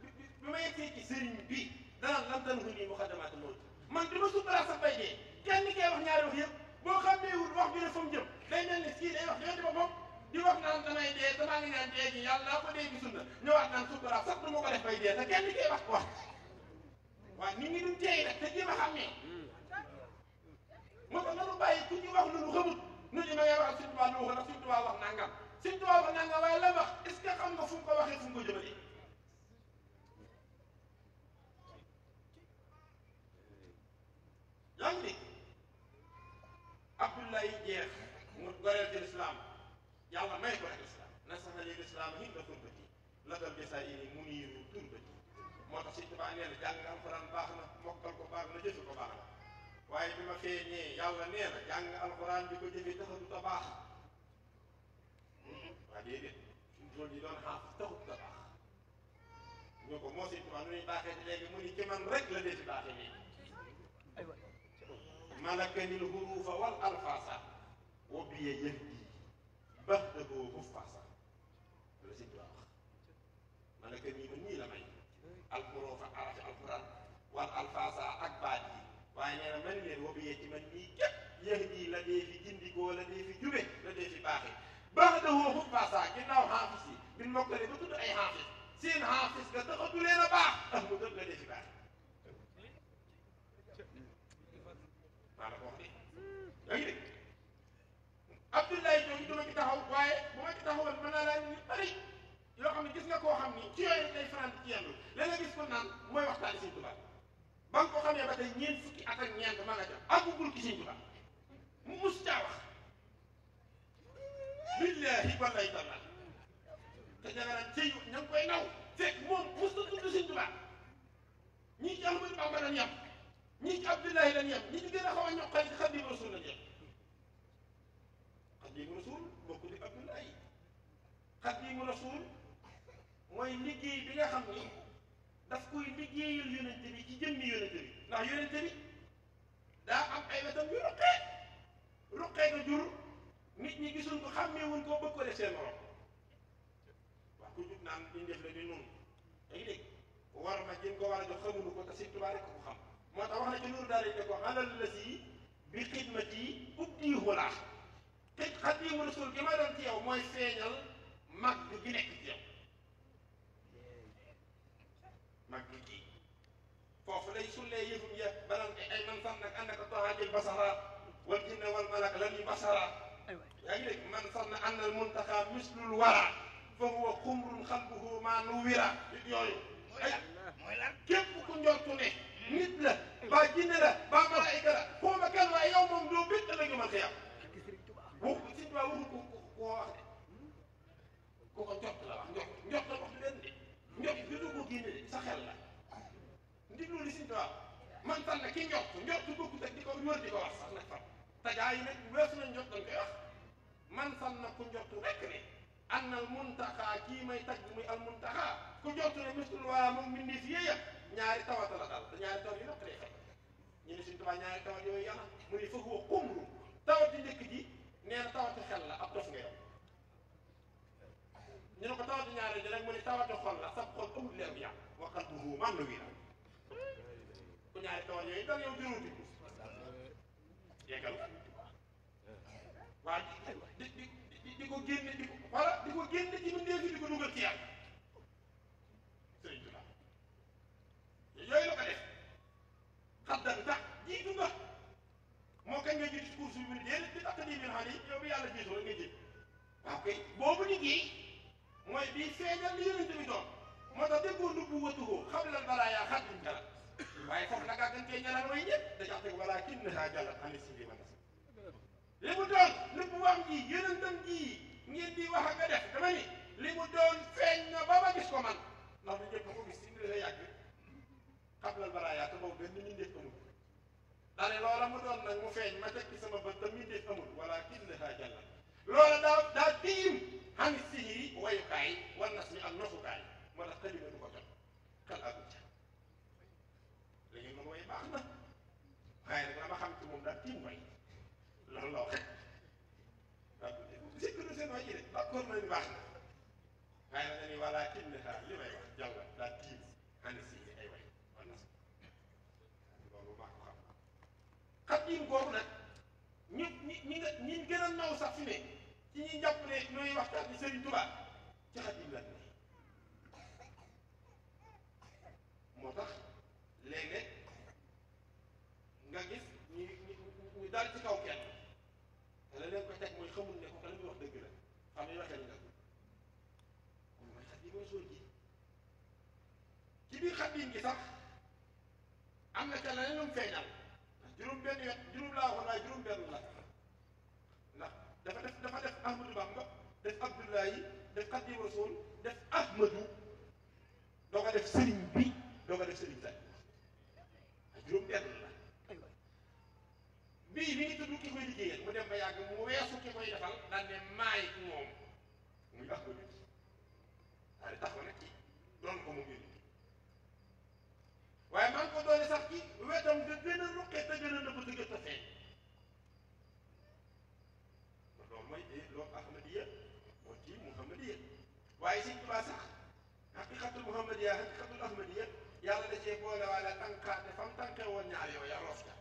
bi ma yegsee ci sëriñ bi danaan lan tan xun yi muxadamaat mooy man di ma sutura sax bay dee kenn kee wax ñaari wax yëpp boo xam ne wul wax ju jëm day mel ni kii day wax ñoo di ba moom di wax naan damay dee damaa ngi naan dee gi yàlla naa ko dee gi sunna ñëwaat naan suuf dara sax du ma ko def bay dee te kenn koy wax ko wax waaye nit ñi duñ teey rek te jéem a xàmmee moo tax nanu bàyyi ku ñu wax lu nu nu ñu ma ngay waxal Sëñ lu nangam Sëñ Tuubaa wax nangam waaye la wax est ce que xam nga fu mu ko waxee fu mu ko jëmale yàlla may ko ak islam nasaxa lil islaam hinda turbati lakal jasaa'iri muniiru turbati moo tax Sëñ Tuubaa nee na jàng alxuraan baax na mokkal ko baax ko baax na waaye bi ma feeñee nee na jàng alxuraan bi ko jëfe taxatut a baax hmm, waa déedéet suñu tool yi doon xaaf taxatut a baax ñu ko moo si Tuubaa nu ñuy baaxee ci léegi mu ni ci rek la dee ci baaxee léegi malakani l hurufa wal alfaasa wa biye yëf bahrahu muftahsan loolu sëñ bi wax ma ne que nii man nii la may alxuroofa arafi alquran wal alfaasa ak baat yi waaye nee na man leen wobiyee ci man nii képp yéex jii la dee fi jindikoo la dee fi jube la dee fi baaxe bahrahu muftahsan ginnaaw xaafis yi bin mokkale ba tudd ay xaafis seen xaafis nga taxatu leen a baax ah mu dëgg la dee fi baaxe maa la ko wax de yaa ngi dégg Abdoulaye ñoom dama ci taxaw waaye bu ma ci taxawal mën naa laa yoo xam ne gis nga koo xam ni ci yooyu lay faral di ci yendu léeg nga gis ko naan mooy waxtaani Sëñ Tuubaa ba nga ko xamee ba tey ñeent fukki at ak ñeent ma nga ca àggugul ci Sëñ Tuubaa mu mus caa wax billaahi wallahi taala te jagaraan cëy ña koy naw fekk moom mus na tudd Sëñ Tuubaa ñii ci Ahmadu Bamba lañ yem ñii ci Abdoulaye lañ yem ñi ci gën a xaw a ñoqal ci Xaadimu Rasuul xadimu rasul mooy liggéey bi nga xam ni daf koy liggéeyal yonente bi ci jëmmi yonente bi ndax yonente bi daa am ay wetam yu ruqee ruqee ko jur nit ñi gisuñ ko xàmmeewuñ ko bëgg ko def seen morom wax ku jub naan ñu def la ñu noonu dañu dégg war ma jën ko war a jox xamuñu ko te si tubaab rek ko xam moo tax wax na ci nuur daal ne ko alal la si bi xidmati ubdiihu laa xit xadimu rasul gi ma doon ci yow mooy feeñal mag gi nekk ci yow mag gi foofu lay sullee yëfum ya balan ay man sannak annaka tahajil basara wal jinna wal malak lan yu basara yaa ngi dégg man sanna anna al muntaxa mislul wara fa huwa xumrun xalbuhu ma nuwira nit yooyu mooy lan képp ku njortu ne nit la ba jinne la ba malaayika la xuma kan waaye yow moom doo bét la nga mën xiyam waxu si ba waxu ko ko wax ku ko jot la wax njot njot la wax leen de njot lu ko génne sa xel la ndiglu li siñ man tan ki di ko wër di wax sax nag fam tajaa yi nag weesu na njot dañ koy wax man san na ku njot rek ne an al muntaha ki may tag muy al muntaha ku njot ne misul wa mom min dif yeya ñaari tawata la dal ñaari taw yi nak ñu ñaari fa nek ji neena xel la dof nga yow ñu ne ko tawatu ñaareel ji nag mu ne tawatu xol la sab xol amul leer bu yàqu waxal bu mu lu wii la ku ñaari tawat yooyu dal yow jëruti yeggal waa di di di di ko génne di kañ nga jiitu mu ne bi tax di mil xam ni yow bi yàlla jiitu rek nga jiitu boobu nit yi mooy bii feeñal li yonent bi moo tax déggoo nubbu watuhu xam balaa yaa xat liñ galat waaye foofu nag ak gën cee ñaanal mooy ñëpp dañu wax dëgg si ma nas li mu doon nubbu wam ji yonentam ji ngeen di wax a def dama li mu doon feeñ na ba ma gis ko man ndax du ñëpp ko gis si mbir la yàgg xam lan balaa yaa te boobu ni ñu def amul daa ne mu doon nag mu feeñ ma teg ci sama bët te mi a amul wala kin nahaa galat loola daa daa tiim an sihiri wayukaay war nas mi ak nofukaay moo tax kalima du ko kal ak la ñu mën way baax na waaye nag ma xam ci moom daal tiim way loolu la wax sikru seen way yi de d'accord nañu baax na waaye nag dañuy wala tiim ne daal li may wax jàll daal tiim an sihiri ay way war nas loolu maa ko xam xat yi googu nag ñu ñi ñi gën a naw sax fi ci ñuy jàpp ne ñooy waxtaan ni Serigne Touba ci xadim lan ne moo tax léeg nga gis ñu ñu daal ci kaw kenn te la leen koy teg mooy xamul ne ko ka la muy wax dëgg la xam ne mooy xadim mooy soo ji ci biir xadim yi sax am na ca la leen feeñal ndax juróom benn juróom laa waxoon waaye juróom benn la ndax dafa def dafa def Ahmadou Bamba def Abdoulaye def Xaadimu Rasuul def Ahmadou doo ko def sëriñ bi doo ko def sëriñ Saliou ak bii ngi tudd ki koy liggéeyal mu dem ba yàgg mu weesu ki koy defal daan ne maay moom muy Ahmadou daal di taxaw nag ci doon ko moom yëngu waaye maa ngi ko doone sax ci wetam nga gën a ruqee te gën a nëbb te gën a feeñ waaye sëñ Tuubaa sax xaqiqatul Muhammad yaa xaqiqatul Ahmad yëpp yàlla da cee boole waale tànkaat te fa mu tànkee woon ñaar yow ya roof ca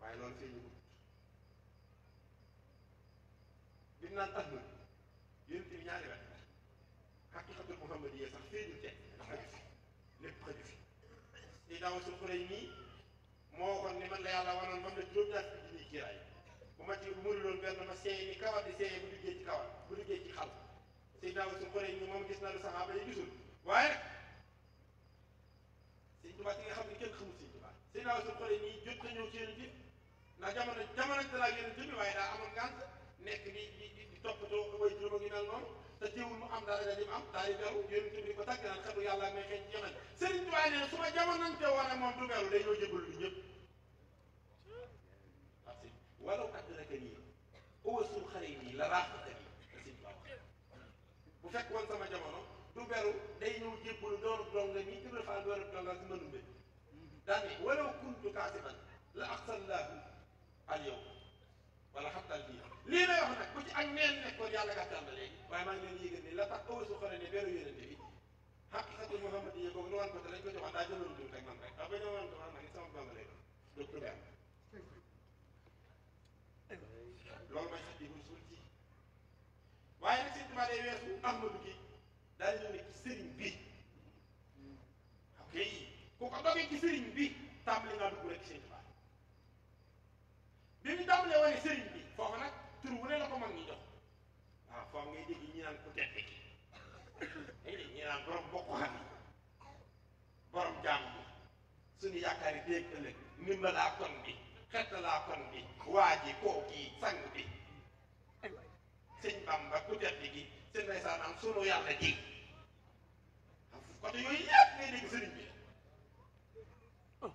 waaye loolu fii ñu ko bimu naan Ahmad yonent bi ñaari wet xaqiqatul Muhammad yee sax fii ñu teg ndax xaju fi lépp xaju fi di daaw su xurey nii moo waxoon ni man la yàlla wanoon ba mu ne juróom-ñaar fukki junniy kiiraay bu ma ci bu loolu benn ma seey ni kawar di seey bu liggéey ci kawar bu liggéey ci xal sëñ Daaw moom gis na lu saxaaba yi gisul waaye nag sëñ Tuubaa ci nga xam ne su jamono jamono amoon ngànt nekk di di di am dara li mu am daal di beru yéen tamit ba tàgg naan ma jamono te woon moom du beru day ñëw jëbal lu ñëpp walaw adraka nii awasul xare nii la raax bu fekkoon sama jamono du beru day ñëw jébbalu dooru dong la ñuy Ibra Fall dooru dong la si mënumbe daal ni walaw kuntu kaasiban la axsallaahu al yow wala xattal bii lii may wax nag ku ci ak neen nekkoon yàlla gàttal na léegi waaye maa ngi leen yégal ni la tax awasu xore bi xaqiqatu Muhammad yi kooku lu wan ko te lañ ko joxoon daa jëloon dul rek man rek ndax ba ñëwoon ko man nag sama bamba lay du ber waaye nag seen tubaab day weesu Ahmadu gi daal ñëw ne ci sëriñ bi ok ku ko dogee ci sëriñ bi tàmbali ngaa dugg rek sëriñ Tuubaa bi bi foofu tur wu la ko mag ñi jox waaw foofu ngay dégg ñi naan ku tedd ki ñi naan borom bokku xam yi borom jàmm bi suñu yaakaar yi déeg ëllëg ndimbalaa kon bi xett laa kon bi waa ji kooki sang bi sëñ Bamba ku tedd gi te ndeysaan am sunu yàlla ji am côté yooyu yëpp ngay dégg sëriñ bi ah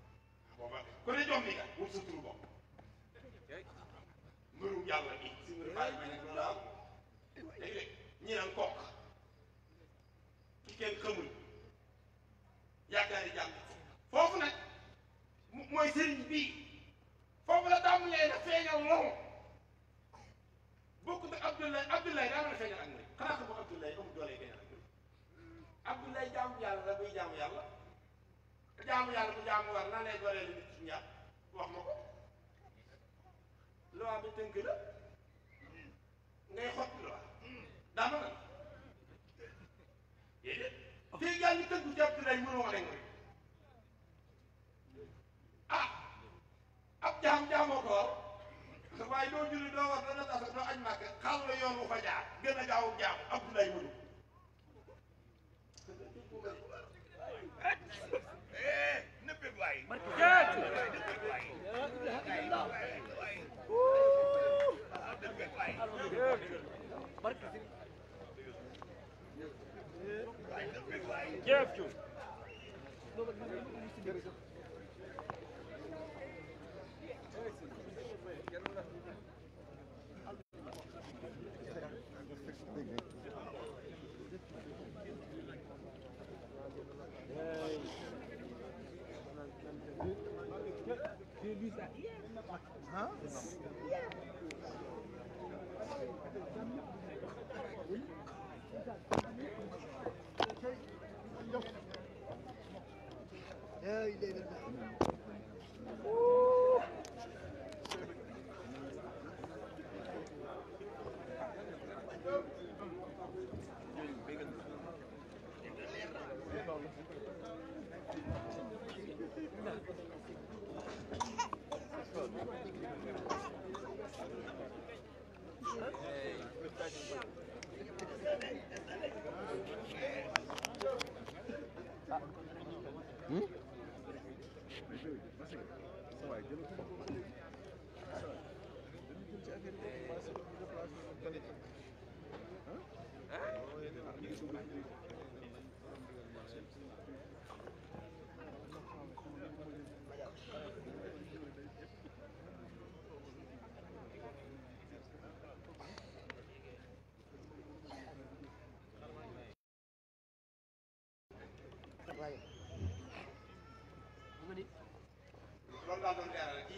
booba ku ne jox mi nga wut sa tur bopp mbirum yàlla bi si mbiru bàyyi ma ne loolu am léeg-léeg ñi naan ki kenn xamul yaakaari jàll foofu nag mooy sëriñ bii foofu la tàmbalee na feeñal moom bokkul ak Abdoulaye Abdoulaye daa mën a feeñal ak mooy xanaa xam nga Abdoulaye amul doole feeñal ak mooy Abdoulaye yàlla la buy jaamu yàlla jaamu yàlla bu jaamu war nan lay dooleel nit ci ñaar wax ma ko loi bi tënk la ngay xotti loi daa mën a déedéet fii gaa ñu tënku ci Abdoulaye mënoo wax rek ah ab jaam jaamoo ko ndax waaye doo julli doo war doo def doo añ màkk xal la yoon wu fa jaar gën a gaaw jaam Abdoulaye mënu nëbbeg waay waay know you did it. Hmm? tali waaye ma ni loolu laa doon leeral ci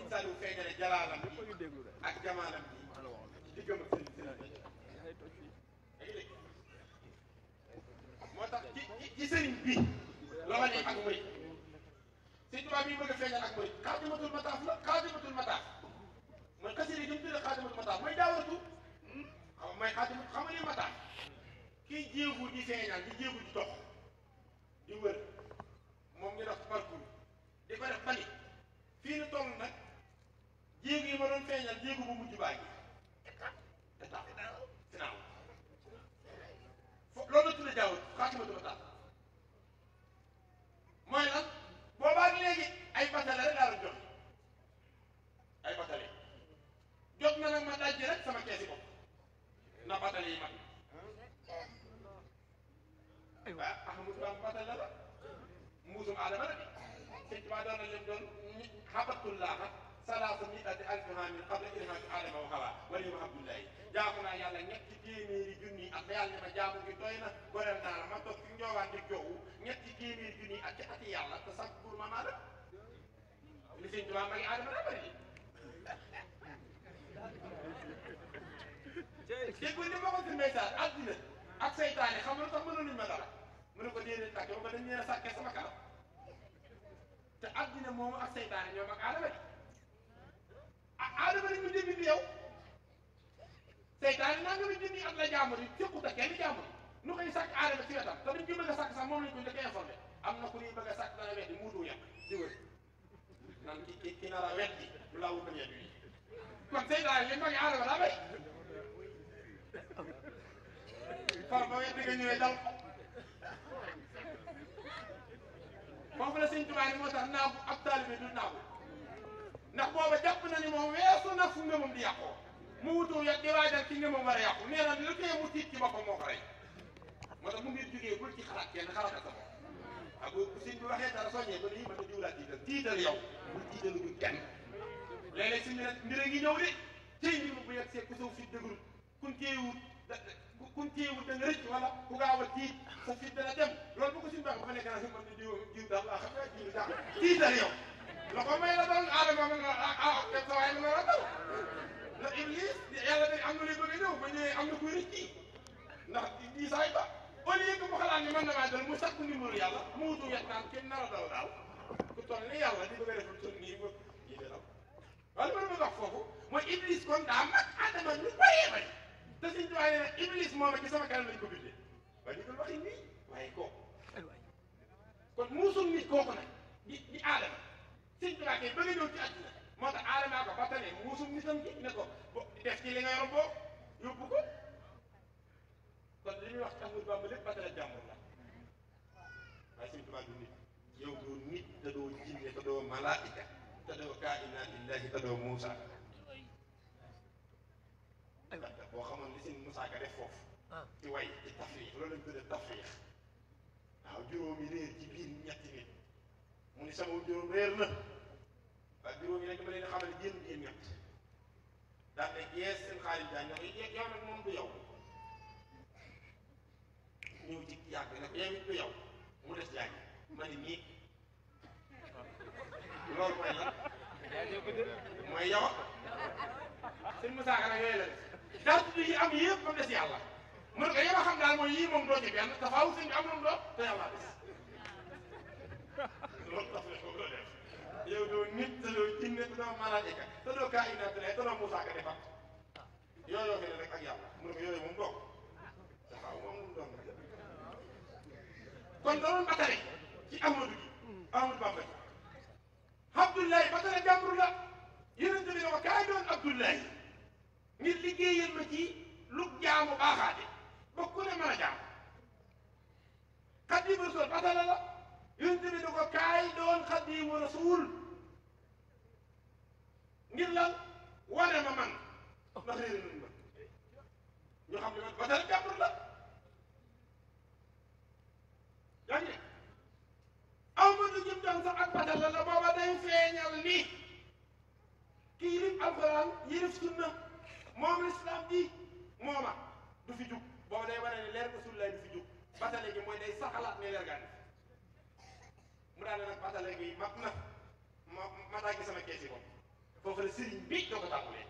ni ci sëriñ bi loola ñuy ak murit sëriñ Tuubaa bi bëgg a feeñal ak murit xaadimatul mataaf la xaadimatul mataaf mooy xasida yi jëm tudde xaadimatul mataaf mooy daawartu xam mooy xaadimat xam nga ni mataaf kii jéegu di feeñal di jéegu di dox di wër moom ngi dox parcours di ko def bali fii nu toll nag jéegu yi ma doon feeñal jéegu bu mujj baa ngi étape étape final fo loolu la tuddee jaawul xaadimatul mataaf mooy lan boobaag léegi ay batale rek jot ay batale jot na nag ma dajji rek sama keesi bopp na batale yi mat ah Ahmadu Bamba batale la mbuusum Adama la sëñ Tuubaa doon na leen doon xabatullaaha salaasa mi'ati alfi aamin qabla ilhaami Adama wa Hawaa wala yow naa yàlla ñetti téeméeri junni ak yàlla ma jaamu gi doy na goreel ma toog ci njoowaan ñetti téeméer junni ak ci ati yàlla te sax buur maam aadama li sëñ Tuubaa magi aadama daa bëri déggul li ma ko si message adduna ak seytaane xam nga tax mënaluñ ma dara mu ne ko dee leen tàkke ba dañ leen a sàkkee sama kanam te adduna moomu ak seytaane ñoom ak aadama ak aadama di mu déglu yow seytaane naa nga mu junni at la jaamu di jëkkut ak kenn jaamu nu koy sàcc aadama ci wetam te duñ koy bëgg a sàcc moom lañ ko njëkk a informé am na ku ñuy bëgg a sàcc dana nan ki ki ki nar a weddi du laa wutal yedd wi kon tey daal li mag aadama daa bay far ba weddi nga ñëwee dal foofu la sëñ Tuubaa ni moo tax naagu ab taalibe du naagu ndax booba jàpp na ni moom weesu na fu ngëmam di mu wutu yàq di waajal ki ngëmam war a yàqu nee na lu tee mu tiit ci boppam moo liggéey bul ci xalaat kenn xalaat sa bopp ak bu sëñ bi waxee dara soññee ba lii mën na jiw laa tiital tiital yow bul tiitalu ñu kenn léeg-léeg suñu nag mbir a ngi ñëw de tey mbir mu bu yegg see ku saw fit dëgërul kun téewut da kun téewut da nga rëcc wala ku gaaw a tiit sa fit dana dem loolu bu ko suñu baax ba fa nekk naa si mën na jiw jiw daal laa xam ne jiw daal tiital yow loxo may la doon aadama ma nga ah, ah, ah def sa waaye ma nga daw la iblis yàlla day am na luy bëgg a ñëw ba ñëwee am na kuy rëcc ndax di saay ba au lieu que ni mën na maa dal mu sakku ndimbalu yàlla mu wutu naan kenn nar a daw daal ku toll ni yàlla di bëgg a defal tur nii bëgg ñii di daw wala mën bëgg wax foofu mooy iblis kon daa mag àndama lu bëree bëri te suñ ci waxee nag iblis moom ci sama kanam lañ ko bindee waaye ñu dul kon muusul nit kooku nag di di aadama suñ ci waxee bëgg a ñëw ci àdduna moo tax aadamaa ko ba tane muusul nitam gi ne ko def ci li nga yor boo yóbbu ko kon li ñuy wax tax mu bàmb lépp ba tey jàmbur la waaye suñu tubaab du nit yow nit te doo jinne te doo malaika te doo kaayinaat illahi te doo Muusa boo xamoon li seen Muusa ka def foofu ah. ci way ci tafriix loolu lañ tuddee tafriix waaw juróomi réer ci ñetti nit mu ni sama juróom réer na waaye juróomi nag dama leen xamal génn génn ñett daal ne gees seen xaalis daan ñoo yow nag moom du yow ñëw ci yàgg bi nag yaa eh, du yow mu des jàng ma ni nii loolu mooy lan mooy yow yooyu la def yi am yëpp ba mu des yàlla mu ne ko yow a xam mooy yii moom doo ci benn dafa aw sëñ am moom doo te yàlla des loolu dafa def yow doo nit te doo kaa inaat te doo Moussa Ka yooyu yoo fi ne rek ak mu ne ko yooyu moom doo kon doon batare ci Amadou bi Amadou Bamba ji Abdoulaye batare jàmbur la yonent bi ne ko kaay doon Abdoulaye ngir liggéeyal ma ci lu jaamu baaxaate ba ku ne mën a jaam Xaadimu Rasuul batale la yonent bi ne ko kaay doon Xaadimu Rasuul ngir lan wane ma man ndax réer nañ ma ñu xam ne man batare jàmbur la kañ Amadou Diop Dione sax ak badal la la booba day feeñal ni kii yilif alxuraan yilif sunna moom lislaam ji mooma du fi jug booba day wane ne leer rasulullaay du fi jug batale gi mooy day saxalaat ne leer gànn mu daal nag batale gi mat na ma ma tàggi sama kees yi ko foofu la sëriñ bi doo ko tàmbalee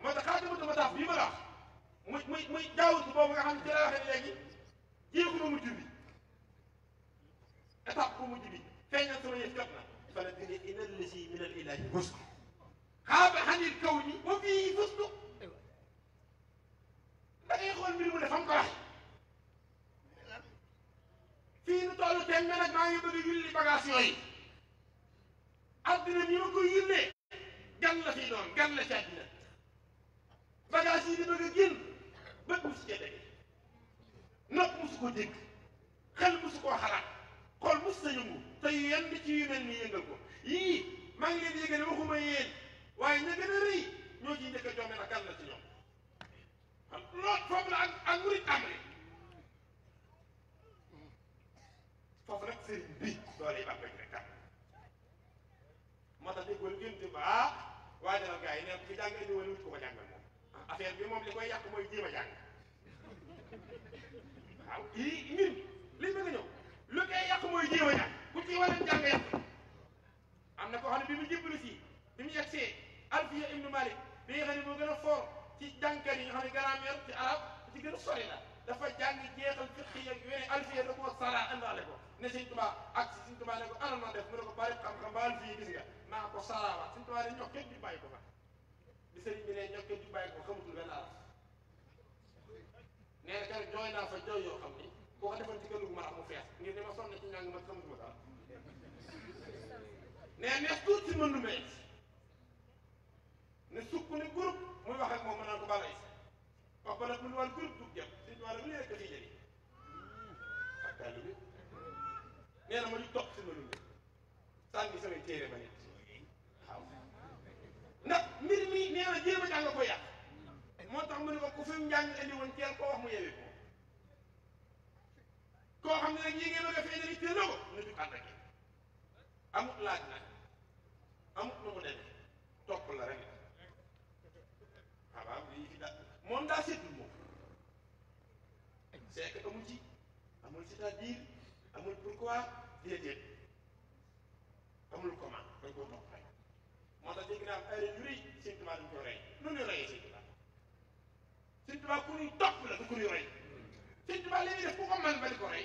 moo tax xaatimatu ma taaf bii ma la wax muy muy muy jaawut boobu nga xam ci la waxee léegi jéegu ma mujj étape bu mujj bi feeñal sama yëf jot na fa la gën a inal la si minal ilaahi rus xaaba xanil kaw ni ba fii fusdu da ngay xool mbir mu ne fam ko wax fii nu toll teñ me nag maa ngi bëgg a yulli bagage yooyu addina ni ma koy yullee gan la fii doon gan la ci àddina bagage yi di bëgg a génn bët musu ca dégg nopp musu ko dégg xel musu koo xalaat xool mos sa yëngu te yan bi ci yu ni yëngal ko yii maa ngi leen di yëgal ne waxuma yéen waaye ña gën a rëy ñoo ciy njëkk a jox na kan la ci na ah, lool foofu la ak ak murit am bi doole yi baax ah. ah, waaye dalal gars yi neen ku jàng ko ko jàngal moom affaire bi moom li koy yàq mooy jéem a jàng waaw yii mbir li bëgg lu koy yàq mooy jéem ku ci war a jàng yàq am na koo xam ne bi mu jébbalu si bi mu yegg see Alfiya ibnu Malik bi nga xam ne moo gën a fort ci jàngkat yi nga xam ne grammaire ci arab ci gën a sori la dafa jàng jeexal fiqi ak Alfiya da sara àndaale ko ne Sëñ Tuubaa ak Sëñ Tuubaa ne ana noon def mu ne ko bari xam ba Alfiya gis nga maa ko saraawaat Sëñ Tuubaa ne ñokket di bàyyi ko fa bi sëriñ bi ne ñokket di bàyyi ko xamatul benn ni boo ko defoon ci këll ci njàng ma xamatuma dara mais nees tuuti ci mën lu wax ak moom ma naan ko balay wax ba nee na ma ñu topp ci mën lu mees sànni samay téere ma nit waaw ndax mbir mi nee na jéem a jàng ko yàq moo tax mu ne ko ku fi njàng indi woon teel koo wax mu yewee koo xam na nag ngeen bëgg a feeñal it teel na ko na jug ànd ak amut laaj nag amut nu mu demee topp la rek xabaam lii fi da moom daa seetlu amul ci amul c'est-à-dire amul pourquoi déedéet amul comment dañ koo topp rek moo tax dégg naa am aére yu rëy seen tubaab ko rey noonu ñu reyee seen ko mën ba ko rey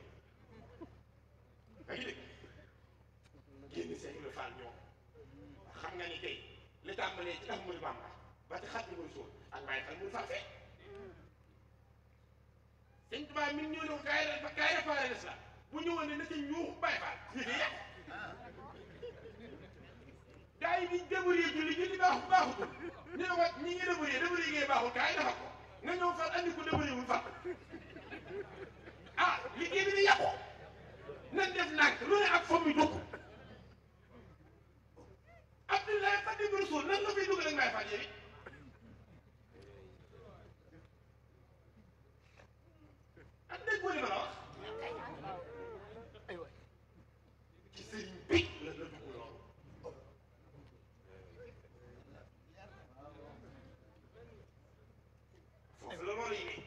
tàmbalee ci Ahmadu Bamba ba ci xat bi muy suuf ak bàyyi xel muy farfe sëñ Tuubaa min ñoo ne ko kaay rek kaay réparé l'islam bu ñëwoon ne na ca ñuux bàyyi faal fii ne ko ñi ngi débrouillé débrouillé ngay baaxul gaa yi dafa ko nga ñëw far andi ko débrouillé wul far ah liggéey bi di yàqu nañ def nànk lu ne ak fomm yu dugg Abdoulaye Xaadimu Rasuul nan nga fiy dugal ak Baay Faal yooyu ak ah, dégg li ma la wax ci sëriñ bi la la dugg loolu foofu la loolu yi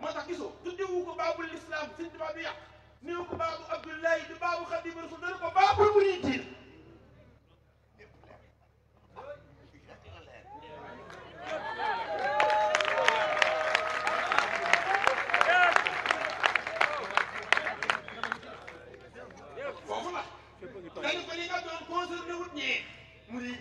moo tax gisoo tuddewu ko baabul islam sëñ bi yàq néew ko baabu Abdoulaye du baabu Xaadimu Rasuul dana ko baabul mu ñuy jiir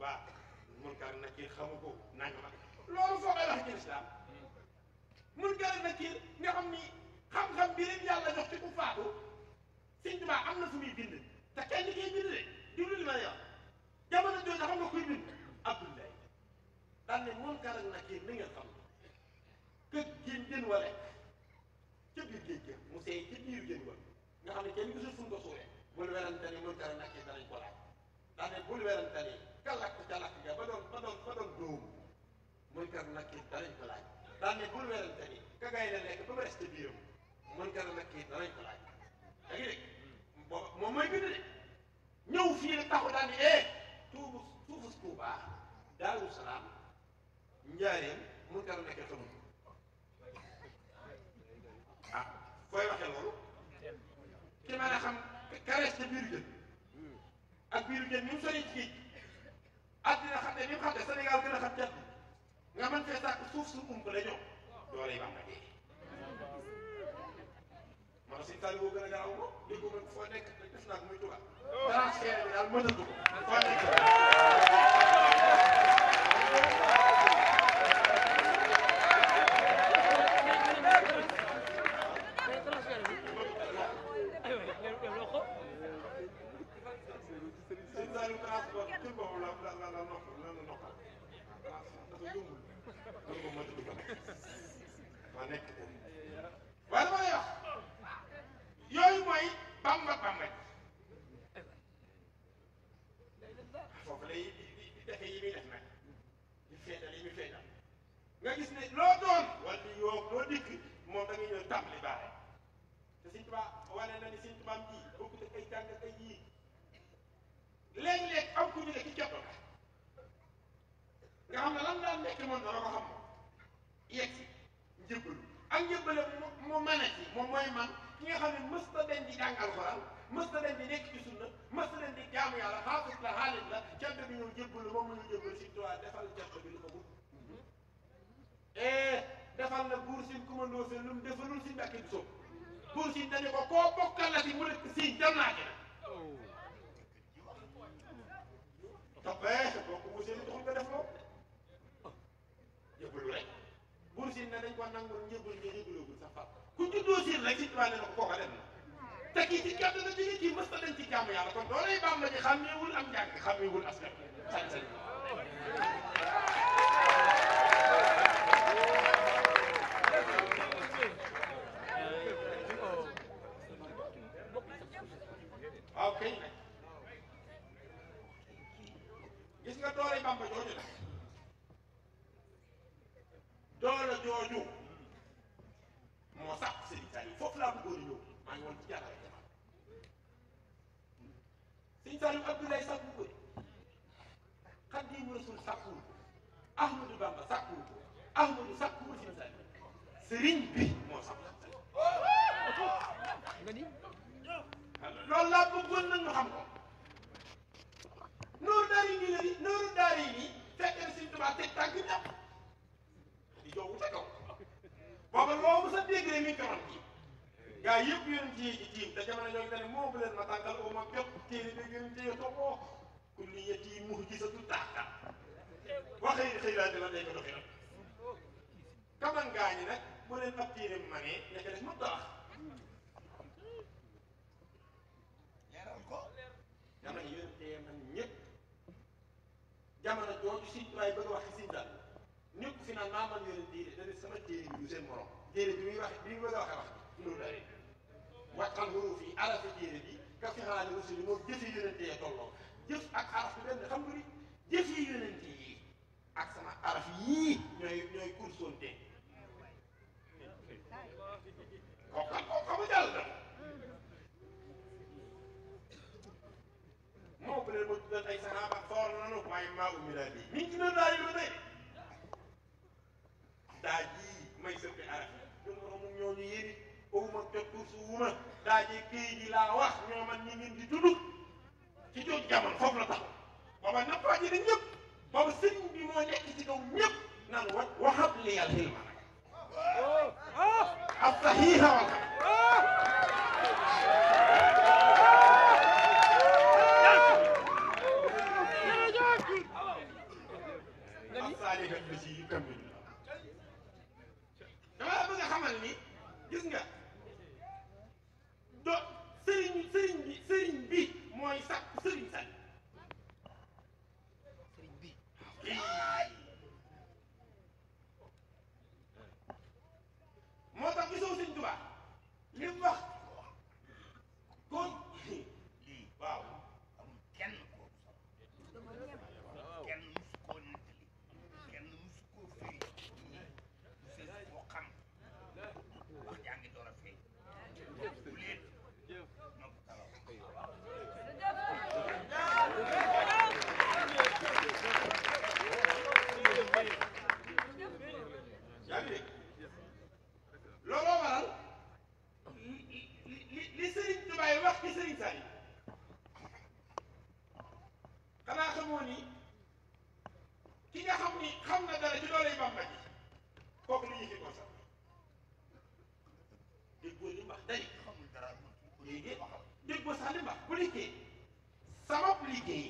Tuubaa Munkar Nakiir xamu ko nangama loolu foo koy wax ci lislaam Munkar Nakiir nga xam ni xam-xam bi leen yàlla jox ci ku faatu Sëñ Tuubaa am na fu muy bind te kenn di koy bind de déglu li ma lay wax jamono jooju xam nga kuy bind Abdoulaye daan ne Munkar Nakiir mi nga xam kër gén gën biir géej ga mu seey biir gën wa nga xam ne kenn gisul fu mu ko suuree bul werante ni Munkar Nakiir danañ ko laaj daan ne bul werante ni Munkar Nakiir danañ ko laaj daan ne bul werante ni ka gay nekk ba mu resté da ngay dégg booba moom mooy bind de ñëw fii la taxu daan ni eh tuubu suufus Tuuba Daaru Salaam Njaareem Munkar Nakiir xamul ah fooy waxee loolu ki mën a xam ka resté biiru jën ak biiru jën ñu mu sori ci géej àddina xam ne ni xam ne Sénégal gën a xam jàpp nga man fee sàkk suuf su ump la ñëw doole yi ba am na dee man si tali woo gën a gaaw ko liggu man foo nekk def naa ko muy tubaab transfert bi daal ko jaamu yàlla kon doo lay bàmba ji xàmmeewul am njàng xàmmeewul askan sañ-sañ naa ne aussi li moom jëf yi yonente na moom ma tuddal ay saxaaba waaye maa ummi daal yi mi yi ba tey daa may sëppi araf yi ñoom ñoo yéri awuma jot suuma daaje këy ji laa wax ñoo man ñi di tudd ci jooju jamono foofu la tax booba nappaaje na ñëpp booba sëñ bi moo nekk ci kaw ñëpp naan wa waxab li yàlla xilma nag oh, oh. asahiha wala sëriñ bi mooy sax xamoo ki nga xam ni xam na dara ci dooley Bàmba ji kooku lu ñu fi ko sax déggoo li mbax liggéey sabab liggéey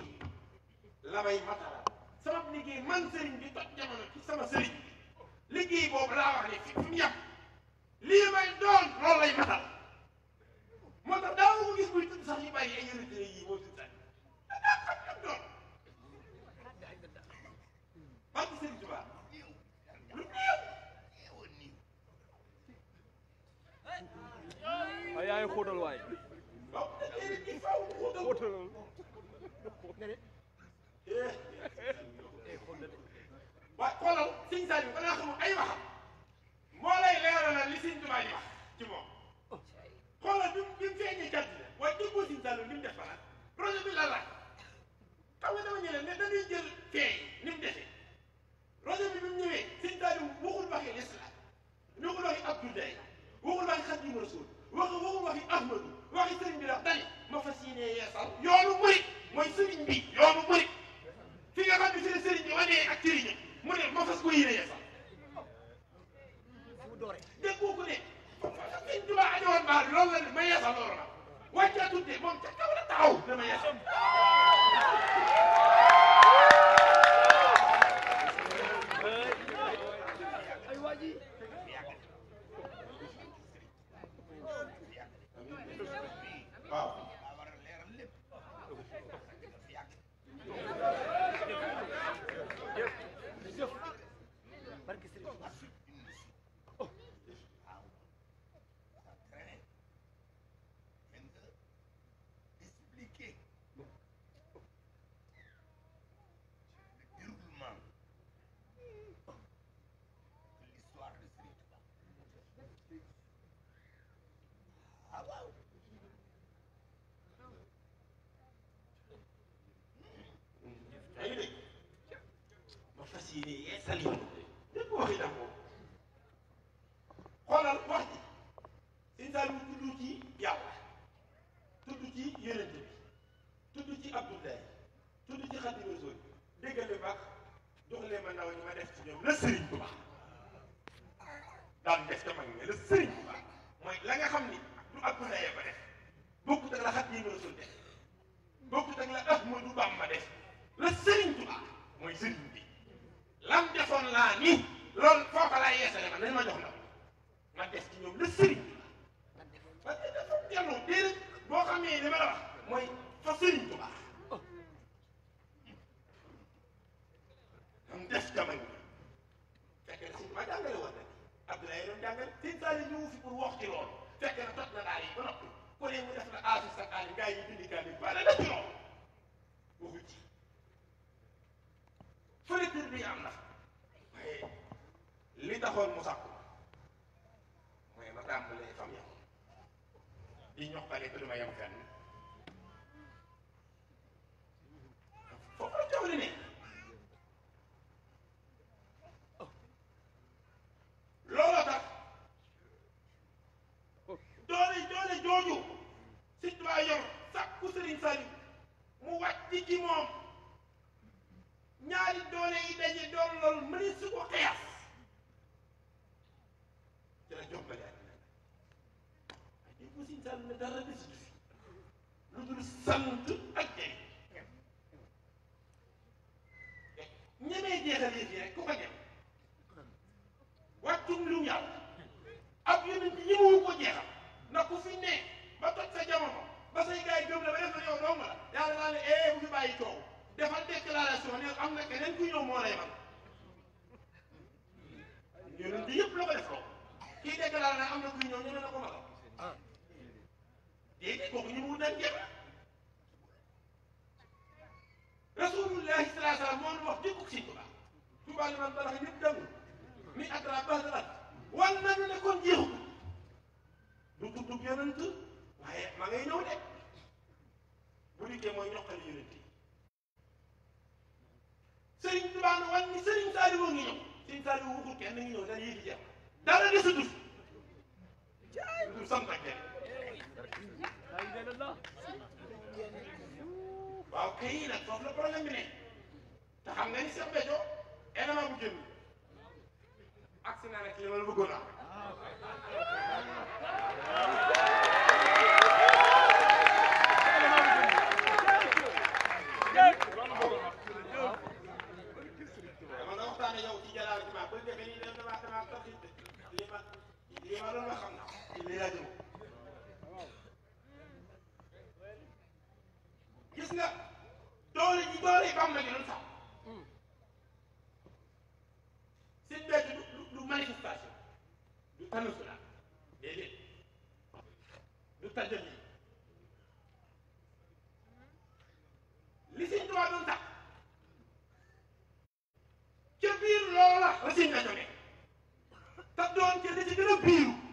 la may matara sabab liggéey man sëriñ bi toj jamono ci sama sëriñ liggéey boobu laa wax ne fi fi lii may doon loolu lay matal moo tax daaw ko gis buy tudd sax ñu bàyyi ay yële yii moo tudd gaa yi xóotal waay. xóotal. waaw xoolal sëñ Saliou ba nga xam ay wax moo lay leeralal li sëñ Tuubaa yi wax ci moom. xoolal bi mu bi mu feeñee gàtt la waaye déggoo sëñ Saliou li mu def balaa projet bi la laaj xam nga dama ñëw ne dañuy jël feeñ. la Serigne Touba moom mu sàkku mu ne ma tàmbalee fam yow di ñox bale ma yem fenn foofu la coow li ne doole doole jooju si tuwaa yor sàkku Sëriñ mu wàcc ci moom sant ak jëriñ ñemee jeexal yëf yi rek ku ko ñem wàccum lu yàlla ak yeneen ci ñëwu ko jeexal na ku fi ne ba toj sa jamono ba say gars yi gëm la ba def na yow dong la yàlla naa ne eh bu fi bàyyi coow defal déclaration ne am na keneen ku moo lay man yeneen ci yëpp la ko def loo kii déclaré na am na ku ñëw ne na ko ma la kooku ñu wut nañ jeexal rasulullahi salaa salaam moo nu wax dëkkug si Tuubaa Tuubaa li man balax ñëpp déglu mi attra badrat wan nañu ne kon jeexu du tuddug yonent waaye ma ngay ñëw de bu dikkee mooy ñoqali yonent yi Sëriñ Tuubaa nu wan ni Sëriñ Saaliw ngi ñëw Sëriñ Saaliw wuxul kenn ngi ñëw dañ yéegi jeex dara desatul du waaw kay nag foofu la problème bi ne te xam nga ni Cheikh Béthio élément bu jëm agsi naa nag li ma la bëggoon am gis nga doole ji doole yi bam nañu lu sax seen bedd du du manifestation du tanasula déedéet du tajal yi li siñ tubaab doon tax ca biir loola la siñ la jógee te doon ca li ci gën a biiru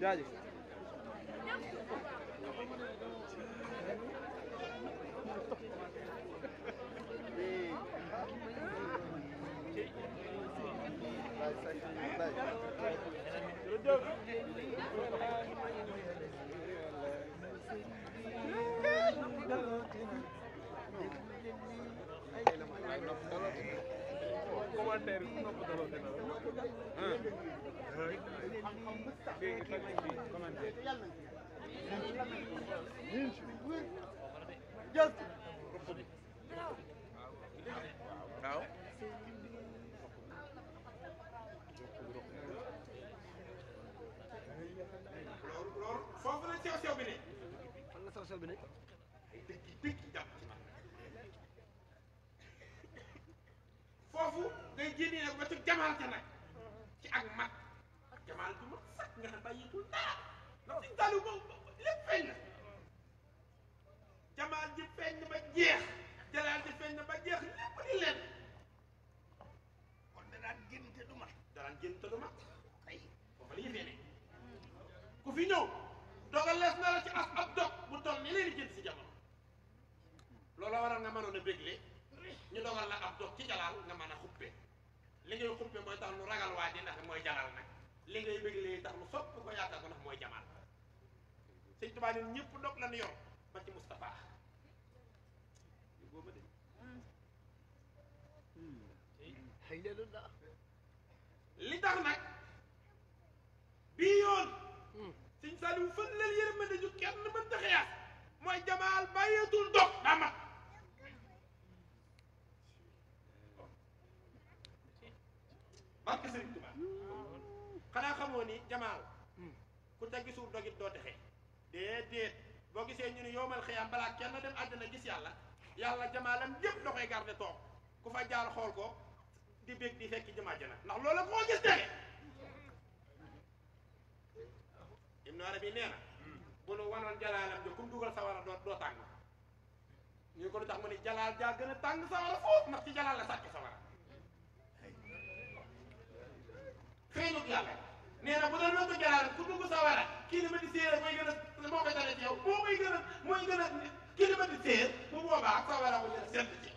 Дядя. waaw loolu foofu la sew sew bi ne. fan la sew sew bi ne. ay dëkk dëkk jàpp ci man. foofu day génnee nag ba ci jamaal ca nag ci ak mat jamaal du ma. nga bayi pun tak, dara ndax suñ tàllu moom lépp feeñ ba jeex jalaal ji feeñ ba jeex lépp di leen kon da daan génn te da daan génn te du mat ay foofu la ku fi ñëw dogal lees na la ci as ab dog bu ni leen di jënd si jamono waral nga ñu dogal la ab dog ci nga li ngay tax lu ragal ndax li ngay bëgg léegi tax lu sopp ko yaakaar ko ndax mooy jamaal sëñ Tuubaa ñun ñëpp dog lañu yor ba ci Moustapha góoma de li tax nag bii yoon hmm. sëñ Saliou fan lal yërmande ju kenn mën ta xeex mooy jamaal bàyyeetul dog daa mat barke sëñ Tuubaa xanaa xamoo ni jamaal ku teg suuf dogit doo texe déedéet boo gisee ñu ne yowmal xiyaam balaa kenn dem àddina gis yàlla yàlla jamaalam yépp da koy garde toog ku fa jaar xool ko di bég di fekk jëma jana ndax loola koo gis tege ibnu arabi nee na bu nu wanoon jalaalam jo kum dugal sawara doo doo tàng ñu ko lu tax mu ne jalaal jaa gën a tàng sawara foofu ndax ci jalaal la sàcc sawara xëy yàlla nee na bu doon loo ko jaraar ku dugg sawara climatiseur séeréer mooy gën a moo koy tane ci yow moo koy gën a mooy gën a climatiseur bu boobaa sawara bu gën a sedd ci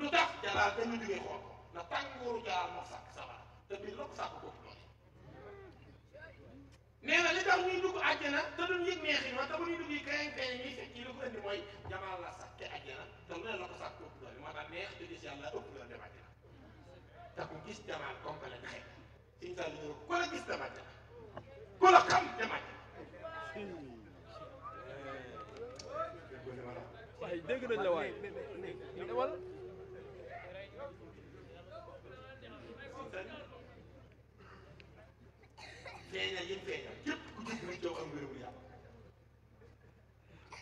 lu tax jaraar dañu jógee xool ndax tàngooru jaraar moo sàkk sawara te biir la ko sàkk boobu doole nee na li tax ñuy dugg àjjana te duñ yëg neexi ma te bu ñuy dugg yi kañ kañ ñuy fekk ci li ko indi mooy jamaal la te lu ne la ko sàkk boobu doole moo tax neex te gis yàlla ëpp te ku gis jamaal complet nga la gis dem àjjana ku la xam dem waaye dégg nañ la waaye demal feeñal yéen feeñal képp ku jóg rek yow am wéru yàlla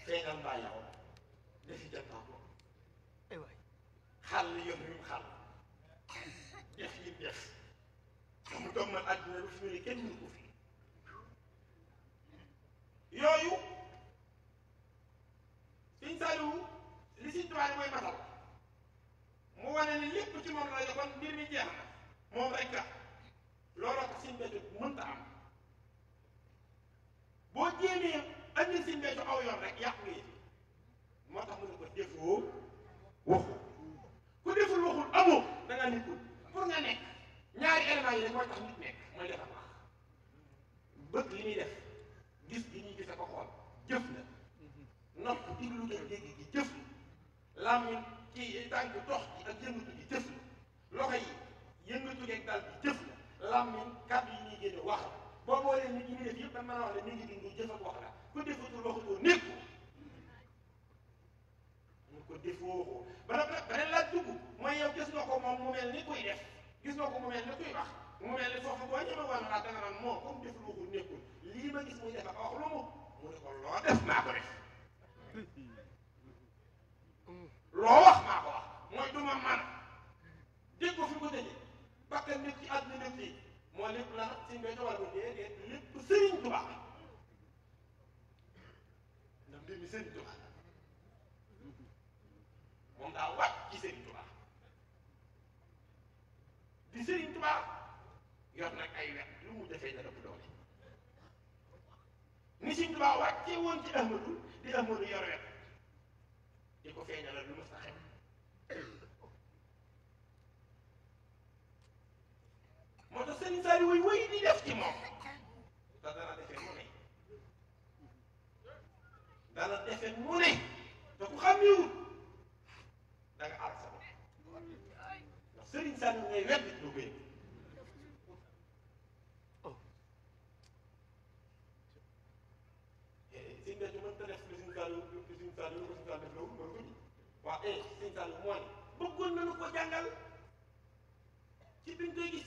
feeñal mbaa yow defi jattaa ko xàll yoon yu xàll def yi def xam nga man àdduna bi fi mu ne kenn mënu ko fi Sall yi aussi daan def loolu loolu ko ji waaw eh sëñ Sall mooy bëggoon nañu ko jàngal ci biñ koy gis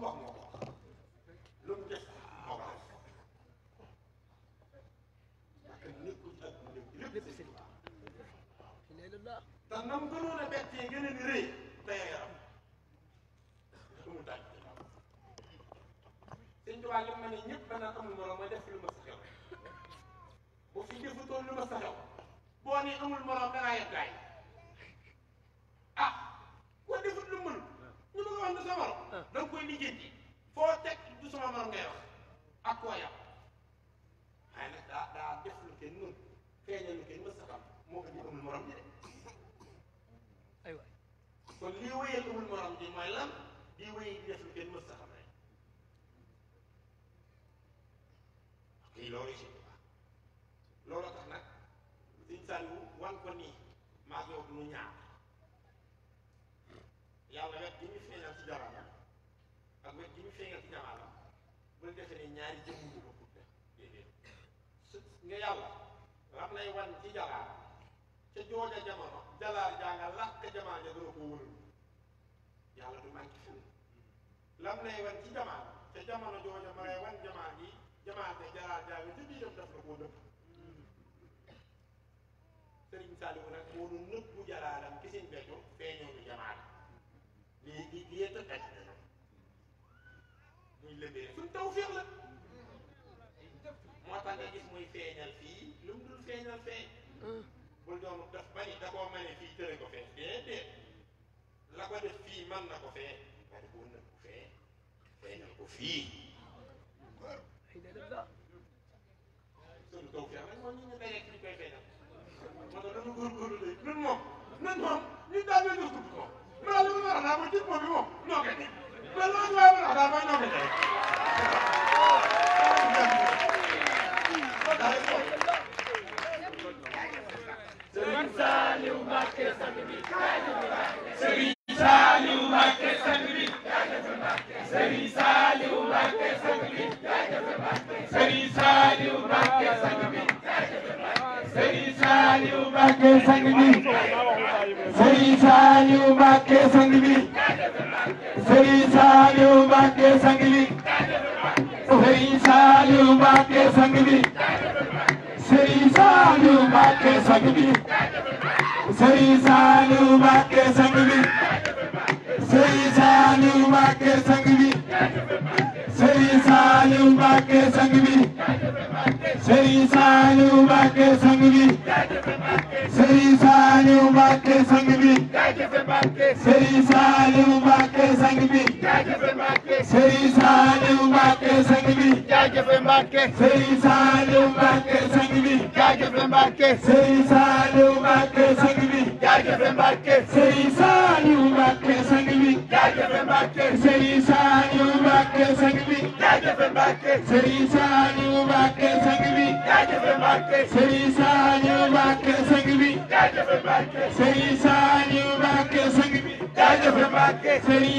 mu wax moo ko wax lu mu a a nu ñaar yàlla wet gi ñu feeñal ci jabaram ak wet gi ñu feeñal ci jabaram bul defe ne ñaari jëmm ñu kutte déedéet su nga yàlla wax lay wan ci jalaal ci jooja ma lay jaa nga ca biiram daf la daraaram ki seen beccu feeñoonu feeñal fii lu mu dul ko la ko def fii feeñal ko fii suñu taw féex rek ñu ñu dajeeg ñu koy feeñal moo tax dafa góorgóorlu de ñun moom nan moom ñu daal di leen dugg ko loolu li ma la wax naa ko jël moom bi moom ñoo koy def te loolu laa ma la wax daal mooy ñoo koy def. Serigne Saliou Mbacké sang bi Serigne Saliou Mbacké sang bi Serigne Saliou Mbacké sang bi Serigne Saliou Mbacké sang bi Sëriñ Saliou Mbacké sang bi Sëriñ Saliou Mbacké sang bi Sëriñ Saliou Mbacké sang bi Sëriñ Saliou Mbacké sang bi Sëriñ Saliou Mbacké sang bi Sëriñ Saliou Mbacké sang bi Sëriñ Saliou Mbacké sang bi Serigne Saliou Mbacké sang bi Serigne Saliou Mbacké sang bi Serigne Saliou Mbacké sang bi Serigne Saliou Mbacké sang bi Serigne Saliou Mbacké sang bi Serigne Saliou Mbacké sang bi jaajëfe Mbàkke Sëriñ Saaliw Mbàkke sang bi jaajëfe Mbàkke Sëriñ Saaliw Mbàkke sang bi jaajëfe Mbàkke Sëriñ Saaliw Mbàkke sang bi jaajëfe Mbàkke Sëriñ Saaliw Mbàkke sang bi jaajëfe Mbàkke Sëriñ Saaliw Mbàkke sang bi jaajëfe Mbàkke